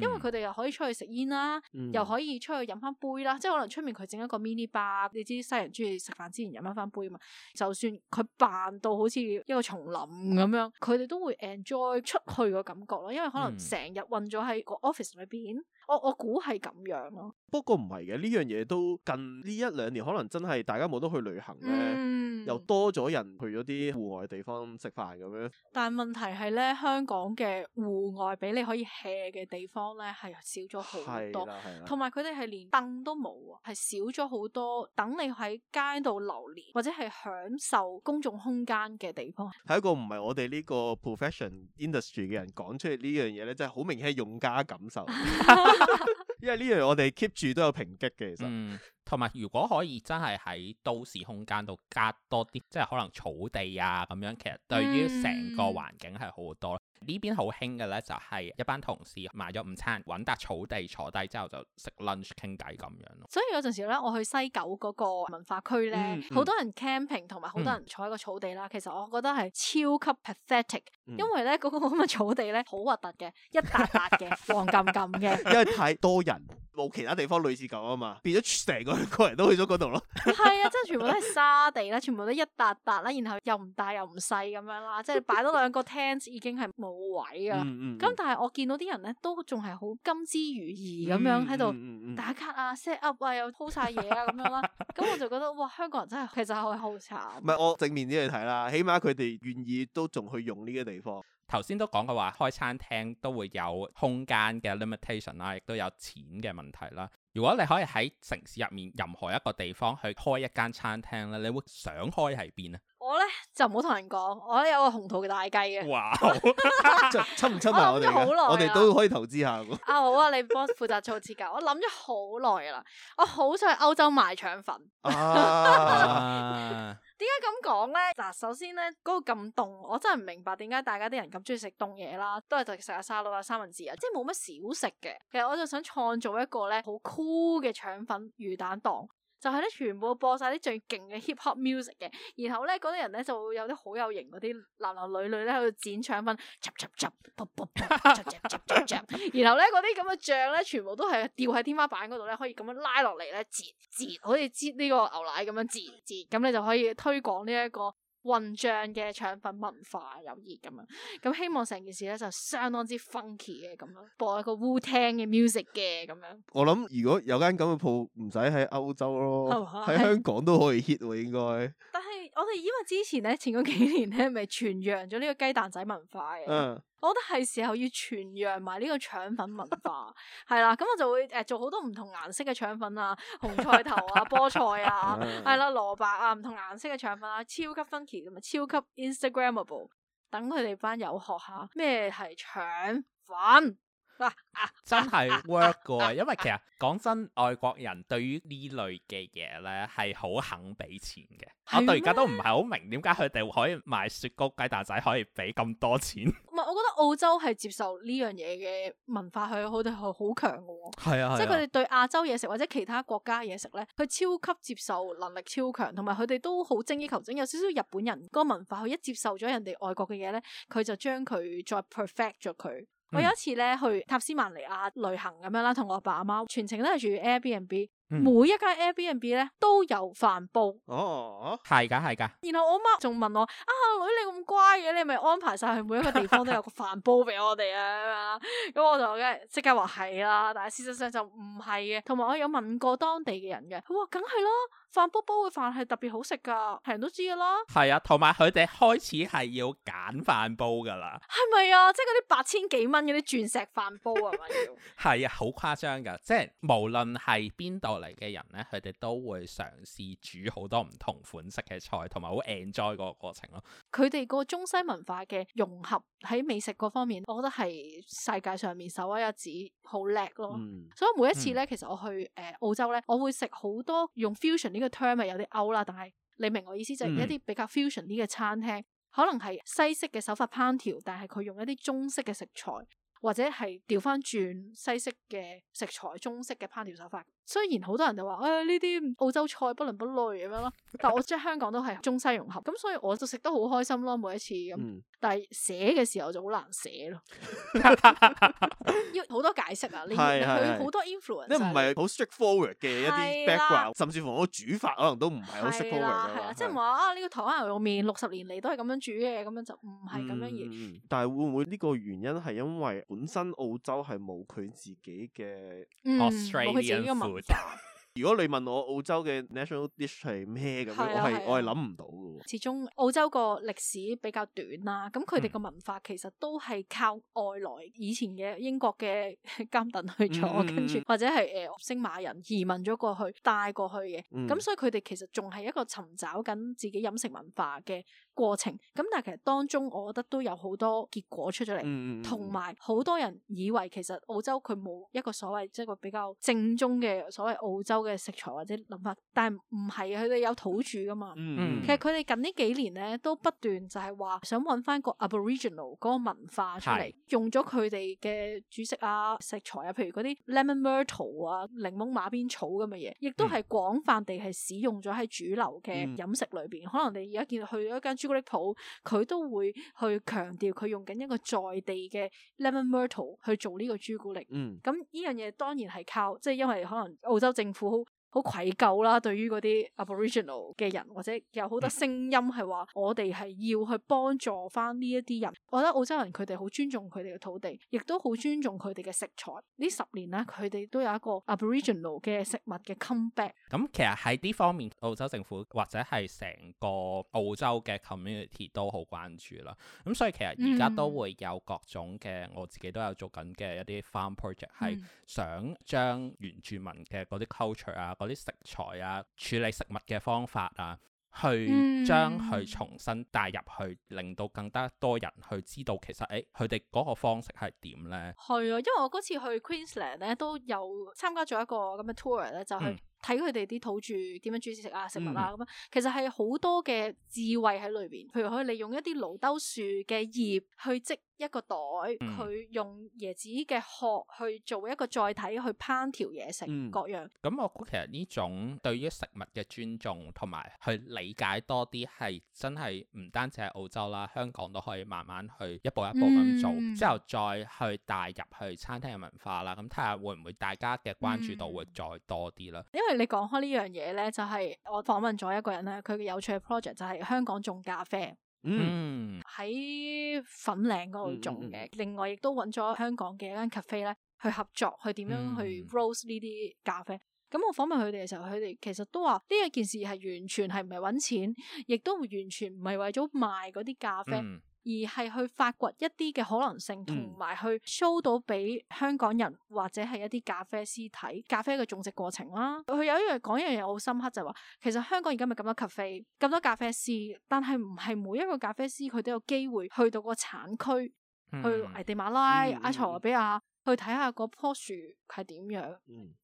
因為佢哋又可以出去食煙啦，嗯、又可以出去飲翻杯啦，嗯、即係可能出面佢整一個 mini bar，你知西人中意食飯之前飲一翻杯啊嘛。就算佢扮到好似一個叢林咁樣，佢哋都會 enjoy 出去個感覺咯，因為可能成日混咗喺個 office 裏邊。嗯我我估係咁樣咯，不過唔係嘅呢樣嘢，都近呢一兩年可能真係大家冇得去旅行咧，嗯、又多咗人去咗啲戶外地方食飯咁樣。但係問題係咧，香港嘅戶外俾你可以吃嘅地方咧係少咗好多，係啦係啦，同埋佢哋係連凳都冇啊，係少咗好多等你喺街度流連，或者係享受公眾空間嘅地方。係一個唔係我哋呢個 profession industry 嘅人講出嚟呢樣嘢咧，真係好明顯係用家感受。 [laughs] [laughs] 因為呢樣我哋 keep 住都有平擊嘅，其實，同埋、嗯、如果可以真係喺都市空間度加多啲，即係可能草地啊咁樣，其實對於成個環境係好好多。嗯呢邊好興嘅咧，就係一班同事買咗午餐，揾笪草地坐低之後就食 lunch 傾偈咁樣咯。所以有陣時咧，我去西九嗰個文化區咧，好、嗯嗯、多人 camping 同埋好多人坐喺個草地啦。嗯、其實我覺得係超級 pathetic、嗯、因為咧嗰、嗰個咁嘅草地咧好核突嘅，一笪笪嘅黃黚黚嘅， [laughs] 因為太多人。冇其他地方類似咁啊嘛，變咗成個香港人都去咗嗰度咯。係啊， [laughs] 即係全部都係沙地啦，全部都一笪笪啦，然後又唔大又唔細咁樣啦，即係擺多兩個 tent 已經係冇位啊。咁、 [laughs] 嗯嗯、但係我見到啲人咧都仲係好甘之如葉咁樣喺度打卡啊、set up 啊、又鋪晒嘢啊咁 [laughs] 樣啦。咁我就覺得哇，香港人真係其實係好慘。唔係我正面啲嚟睇啦，起碼佢哋願意都仲去用呢個地方。頭先都講過嘅話，開餐廳都會有空間嘅 limitation 啦，亦都有錢嘅問題啦。如果你可以喺城市入面任何一個地方去開一間餐廳咧，你會想開喺邊啊？我咧就唔好同人講，我咧有個紅桃嘅大雞嘅。哇！ [laughs] 出唔出名 [laughs] 我哋？諗咗好耐我哋都可以投資下。啊好啊，你幫負責做設計。我諗咗好耐啦，我好想去歐洲賣腸粉。 [laughs] 啊點解咁講咧？嗱，首先咧嗰個咁凍，我真係唔明白點解大家啲人咁中意食凍嘢啦，都係就食下沙律啊、三文治啊，即係冇乜小食嘅。其實我就想創造一個咧好 cool 嘅腸粉魚蛋檔。就係咧，全部播晒啲最勁嘅 hip hop music 嘅，然後咧嗰啲人咧就會有啲好有型嗰啲男男女女咧喺度剪腸粉 [laughs] 然後咧嗰啲咁嘅醬咧全部都係吊喺天花板嗰度咧，可以咁樣拉落嚟咧擠擠，好似擠呢個牛奶咁樣擠擠，咁你就可以推廣呢、這、一個。混醬嘅腸粉文化又熱咁樣，咁希望成件事咧就相當之 funky 嘅咁樣，播一個 Wu-Tang 嘅 music 嘅咁樣。我諗如果有間咁嘅鋪，唔使喺歐洲咯，喺、oh，香港都可以 hit 喎應該。 [laughs] 但係我哋因為之前咧前嗰幾年咧，咪傳揚咗呢個雞蛋仔文化嘅。Uh huh. 我覺得係時候要傳揚埋呢個腸粉文化，係啦， [laughs] 咁我就會誒、呃、做好多唔同顏色嘅腸粉啊，紅菜頭啊，菠菜啊，係啦， [laughs] 蘿蔔啊，唔同顏色嘅腸粉啊，超級 funky 同埋超級 instagrammable，等佢哋班友學下咩係腸粉。 [laughs] 真係 work 嘅， [laughs] 因為其實講真，外國人對於類呢類嘅嘢咧，係好肯俾錢嘅。嗎我到而家都唔係好明點解佢哋可以賣雪糕、雞蛋仔可以俾咁多錢。唔係，我覺得澳洲係接受呢樣嘢嘅文化，佢好哋好強嘅。係 [laughs] [laughs] 啊，啊即係佢哋對亞洲嘢食或者其他國家嘢食咧，佢超級接受能力超強，同埋佢哋都好精益求精。有少少日本人個文化，佢一接受咗人哋外國嘅嘢咧，佢就將佢再 perfect 咗佢。我有一次咧去塔斯曼尼亞旅行咁樣啦，同我阿爸阿媽全程都係住 Airbnb，、嗯、每一間 Airbnb 咧都有飯煲哦，哦，係噶係噶。然後我阿媽仲問我：啊女你咁乖嘅，你係咪安排晒去每一個地方都有個飯煲俾我哋啊咁 [laughs] [laughs] 我就梗即刻話係啦，但係事實上就唔係嘅，同埋我有問過當地嘅人嘅，佢話梗係咯。飯煲煲嘅飯係特別好食噶，係人都知噶啦。係啊，同埋佢哋開始係要揀飯煲噶啦。係咪啊？即係嗰啲八千幾蚊嗰啲鑽石飯煲係咪 [laughs] 啊？係啊，好誇張噶！即係無論係邊度嚟嘅人咧，佢哋都會嘗試煮好多唔同款式嘅菜，同埋好 enjoy 嗰個過程咯。佢哋個中西文化嘅融合喺美食嗰方面，我覺得係世界上面首屈一指，好叻咯。嗯、所以每一次咧，嗯、其實我去誒、呃、澳洲咧，我會食好多用 fusion 呢、這個。term 有啲拗啦，但係你明我意思就係、mm. 一啲比較 fusion 啲嘅餐廳可能係西式嘅手法烹調，但係佢用一啲中式嘅食材，或者係調翻轉西式嘅食材，中式嘅烹調手法。雖然好多人就話誒呢啲澳洲菜不倫不類咁樣咯，但我即係香港都係中西融合，咁所以我就食得好開心咯，每一次咁。嗯、但係寫嘅時候就好難寫咯， [laughs] [laughs] 要好多解釋啊，呢啲佢好多 influence，即唔、就、係、是、好 straightforward 嘅一啲 background，的甚至乎我煮法可能都唔係好 straightforward 即係話啊呢、這個台灣牛肉麵六十年嚟都係咁樣煮嘅，咁樣就唔係咁樣嘢。嗯、但係會唔會呢個原因係因為本身澳洲係冇佢自己嘅 Australian food？ [laughs] 如果你問我澳洲嘅 national dish 係咩咁，我係我係諗唔到嘅。始終澳洲個歷史比較短啦，咁佢哋嘅文化其實都係靠外來以前嘅英國嘅監躉去咗，跟住或者係誒、呃、星馬人移民咗過去帶過去嘅，咁、嗯、所以佢哋其實仲係一個尋找緊自己飲食文化嘅過程咁，但係其實當中我覺得都有好多結果出咗嚟，同埋好多人以為其實澳洲佢冇一個所謂即係個比較正宗嘅所謂澳洲嘅食材或者諗法，但係唔係佢哋有土著噶嘛，嗯、其實佢哋近呢幾年咧都不斷就係話想揾翻個 Aboriginal 嗰個文化出嚟，是用咗佢哋嘅主食啊、食材啊，譬如嗰啲 lemon myrtle 啊、檸檬馬鞭草咁嘅嘢，亦都係廣泛地係使用咗喺主流嘅飲食裏邊。可能你而家見去咗一間朱古力鋪佢都會去強調佢用緊一個在地嘅 Lemon Myrtle 去做呢個朱古力，嗯，咁呢樣嘢當然係靠，即係因為可能澳洲政府。好愧疚啦，對於嗰啲 Aboriginal 嘅人，或者有好多聲音係話我哋係要去幫助翻呢一啲人。我覺得澳洲人佢哋好尊重佢哋嘅土地，亦都好尊重佢哋嘅食材。呢十年咧，佢哋都有一個 Aboriginal 嘅食物嘅 comeback。咁其實喺呢方面，澳洲政府或者係成個澳洲嘅 community 都好關注啦。咁所以其實而家都會有各種嘅，嗯、我自己都有做緊嘅一啲 farm project，係想將原住民嘅嗰啲 culture 啊。啲食材啊，處理食物嘅方法啊，去將佢重新帶入去，令到更加多人去知道其實，誒佢哋嗰個方式係點咧？係啊，因為我嗰次去 Queensland 咧都有參加咗一個咁嘅 tour 咧，就係睇佢哋啲土著點樣煮食啊、食物啊咁啊。嗯嗯，其實係好多嘅智慧喺裏邊，譬如可以利用一啲露兜樹嘅葉去織，一個袋佢、嗯、用椰子嘅殼去做一個載體去烹調嘢食、嗯、各樣。咁、嗯、我估其實呢種對於食物嘅尊重同埋去理解多啲，係真係唔單止喺澳洲啦，香港都可以慢慢去一步一步咁做，嗯、之後再去帶入去餐廳嘅文化啦。咁睇下會唔會大家嘅關注度會再多啲啦、嗯嗯？因為你講開呢樣嘢呢，就係、是、我訪問咗一個人呢，佢嘅有趣嘅 project 就係香港種咖啡。嗯，喺、mm hmm. 粉嶺嗰度種嘅，mm hmm. 另外亦都揾咗香港嘅一間 cafe 咧，去合作去點樣去 roast 呢啲咖啡。咁、mm hmm. 我訪問佢哋嘅時候，佢哋其實都話呢一件事係完全係唔係揾錢，亦都完全唔係為咗賣嗰啲咖啡。Mm hmm. 而係去發掘一啲嘅可能性，同埋去 show 到俾香港人或者係一啲咖啡師睇咖啡嘅種植過程啦。佢有一樣講一樣嘢好深刻，就係話其實香港而家咪咁多咖啡、咁多咖啡師，但係唔係每一個咖啡師佢都有機會去到個產區，去危地馬拉、埃塞俄比亞。啊嗯去睇下嗰棵樹係點樣，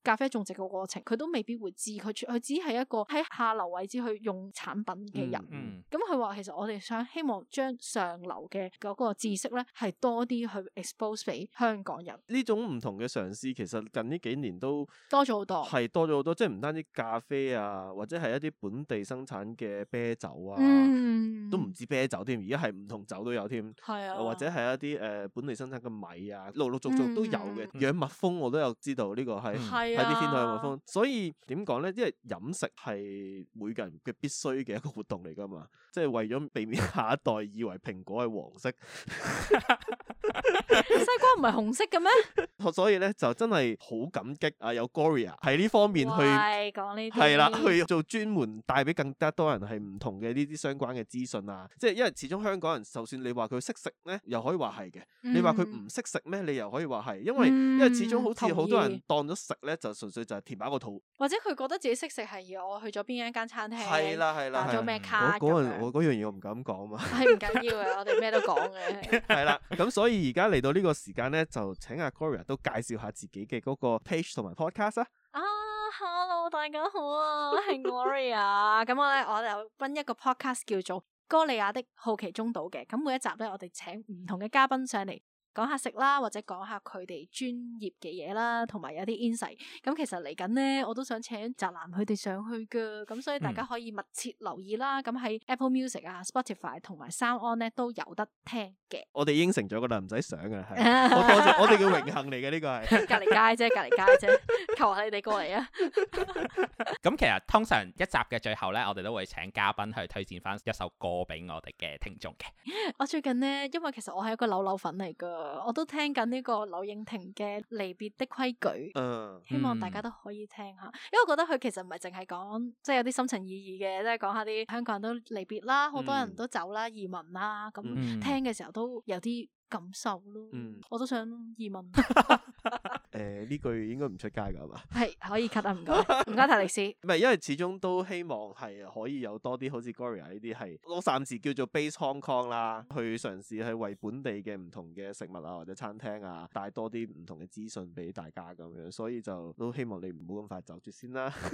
咖啡種植嘅過程，佢都未必會知，佢佢只係一個喺下流位置去用產品嘅人。咁佢話其實我哋想希望將上流嘅嗰個知識咧，係多啲去 expose 俾香港人。呢種唔同嘅嘗試，其實近呢幾年都多咗好多，係多咗好多，即係唔單止咖啡啊，或者係一啲本地生產嘅啤酒啊，都唔止啤酒添，而家係唔同酒都有添，係啊，或者係一啲誒本地生產嘅米啊，陸陸續續都。有嘅養蜜蜂我都有知道呢、這個喺喺啲天台養蜜蜂，嗯、所以點講咧？因為飲食係每個人嘅必須嘅一個活動嚟噶嘛，即、就、係、是、為咗避免下一代以為蘋果係黃色， [laughs] [laughs] 西瓜唔係紅色嘅咩？ [laughs] 所以咧就真係好感激啊！有 Gloria 喺呢方面去講呢啲，係啦，去做專門帶俾更加多人係唔同嘅呢啲相關嘅資訊啊！即、就、係、是、因為始終香港人，就算你話佢識食咧，又可以話係嘅；嗯、你話佢唔識食咩，你又可以話係。因為、嗯、因為始終好似好多人當咗食咧，意就純粹就係填飽個肚。或者佢覺得自己識食係要我去咗邊一間餐廳，係啦係啦。打咩卡？我嗰樣我樣嘢，我唔敢講嘛。係唔緊要嘅，我哋咩都講嘅。係啦， [laughs] [laughs] 咁所以而家嚟到呢個時間咧，就請阿、啊、Gloria 都介紹下自己嘅嗰個 page 同埋 podcast 啊。啊，hello 大家好啊，我係 Gloria。咁 [laughs] 我咧，我有分一個 podcast 叫做《歌莉亞的好奇中島》嘅。咁每一集咧，我哋請唔同嘅嘉賓上嚟。講下食啦，或者講下佢哋專業嘅嘢啦，同埋有啲 insight。咁其實嚟緊咧，我都想請宅男佢哋上去噶，咁所以大家可以密切留意啦。咁喺 Apple Music 啊、Spotify 同埋 Sound On 咧都有得聽嘅。我哋應承咗噶啦，唔使上啊，係我，我哋嘅榮幸嚟嘅呢個係。隔籬街啫，隔籬街啫，求下你哋過嚟啊！咁其實通常一集嘅最後咧，我哋都會請嘉賓去推薦翻一首歌俾我哋嘅聽眾嘅。我最近咧，因為其實我係一個扭扭粉嚟噶我都聽緊呢個柳應廷嘅離別的規矩，uh, 希望大家都可以聽下，嗯、因為我覺得佢其實唔係淨係講，即、就、係、是、有啲深層意義嘅，即係講下啲香港人都離別啦，好、嗯、多人都走啦，移民啦，咁、嗯、聽嘅時候都有啲。感受咯，嗯、我都想移民 [laughs] [laughs] 呃。誒，呢句應該唔出街噶，係嘛？ [laughs] [laughs] 係可以 cut 啊，唔該，唔該曬歷史。唔係， [laughs] 因為始終都希望係可以有多啲好似 Gloria 呢啲係我暫時叫做 base Hong Kong 啦，去嘗試去為本地嘅唔同嘅食物啊或者餐廳啊帶多啲唔同嘅資訊俾大家咁樣，所以就都希望你唔好咁快走住先啦。 [laughs]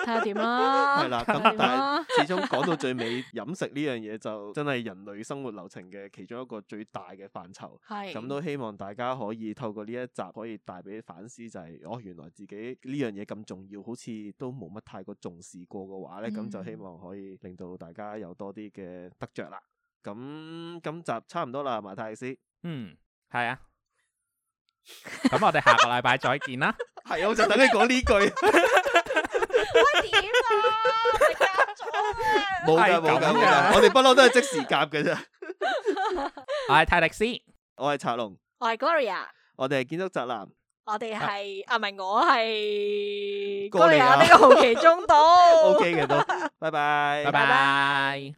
睇下點啦，係啦、啊，咁但係始終講到最尾，飲 [laughs] 食呢樣嘢就真係人類生活流程嘅其中一個最大嘅範疇。係咁是都希望大家可以透過呢一集可以帶俾反思、就係，就係哦，原來自己呢樣嘢咁重要，好似都冇乜太過重視過嘅話咧，咁、嗯、就希望可以令到大家有多啲嘅得着啦。咁今集差唔多啦，馬太斯，嗯，係啊，咁 [laughs] [laughs] 我哋下個禮拜再見啦。係， [laughs] [laughs] [laughs] 我就等你講呢句。 [laughs] [laughs] 點啊！冇噶，冇咁噶，我哋不嬲都係即時夾嘅啫。我係泰力斯，我係策龍，我係 Gloria，我哋係建築宅男，我哋係啊，唔係我係 Gloria 呢個好奇中島，OK 嘅都，拜拜拜拜。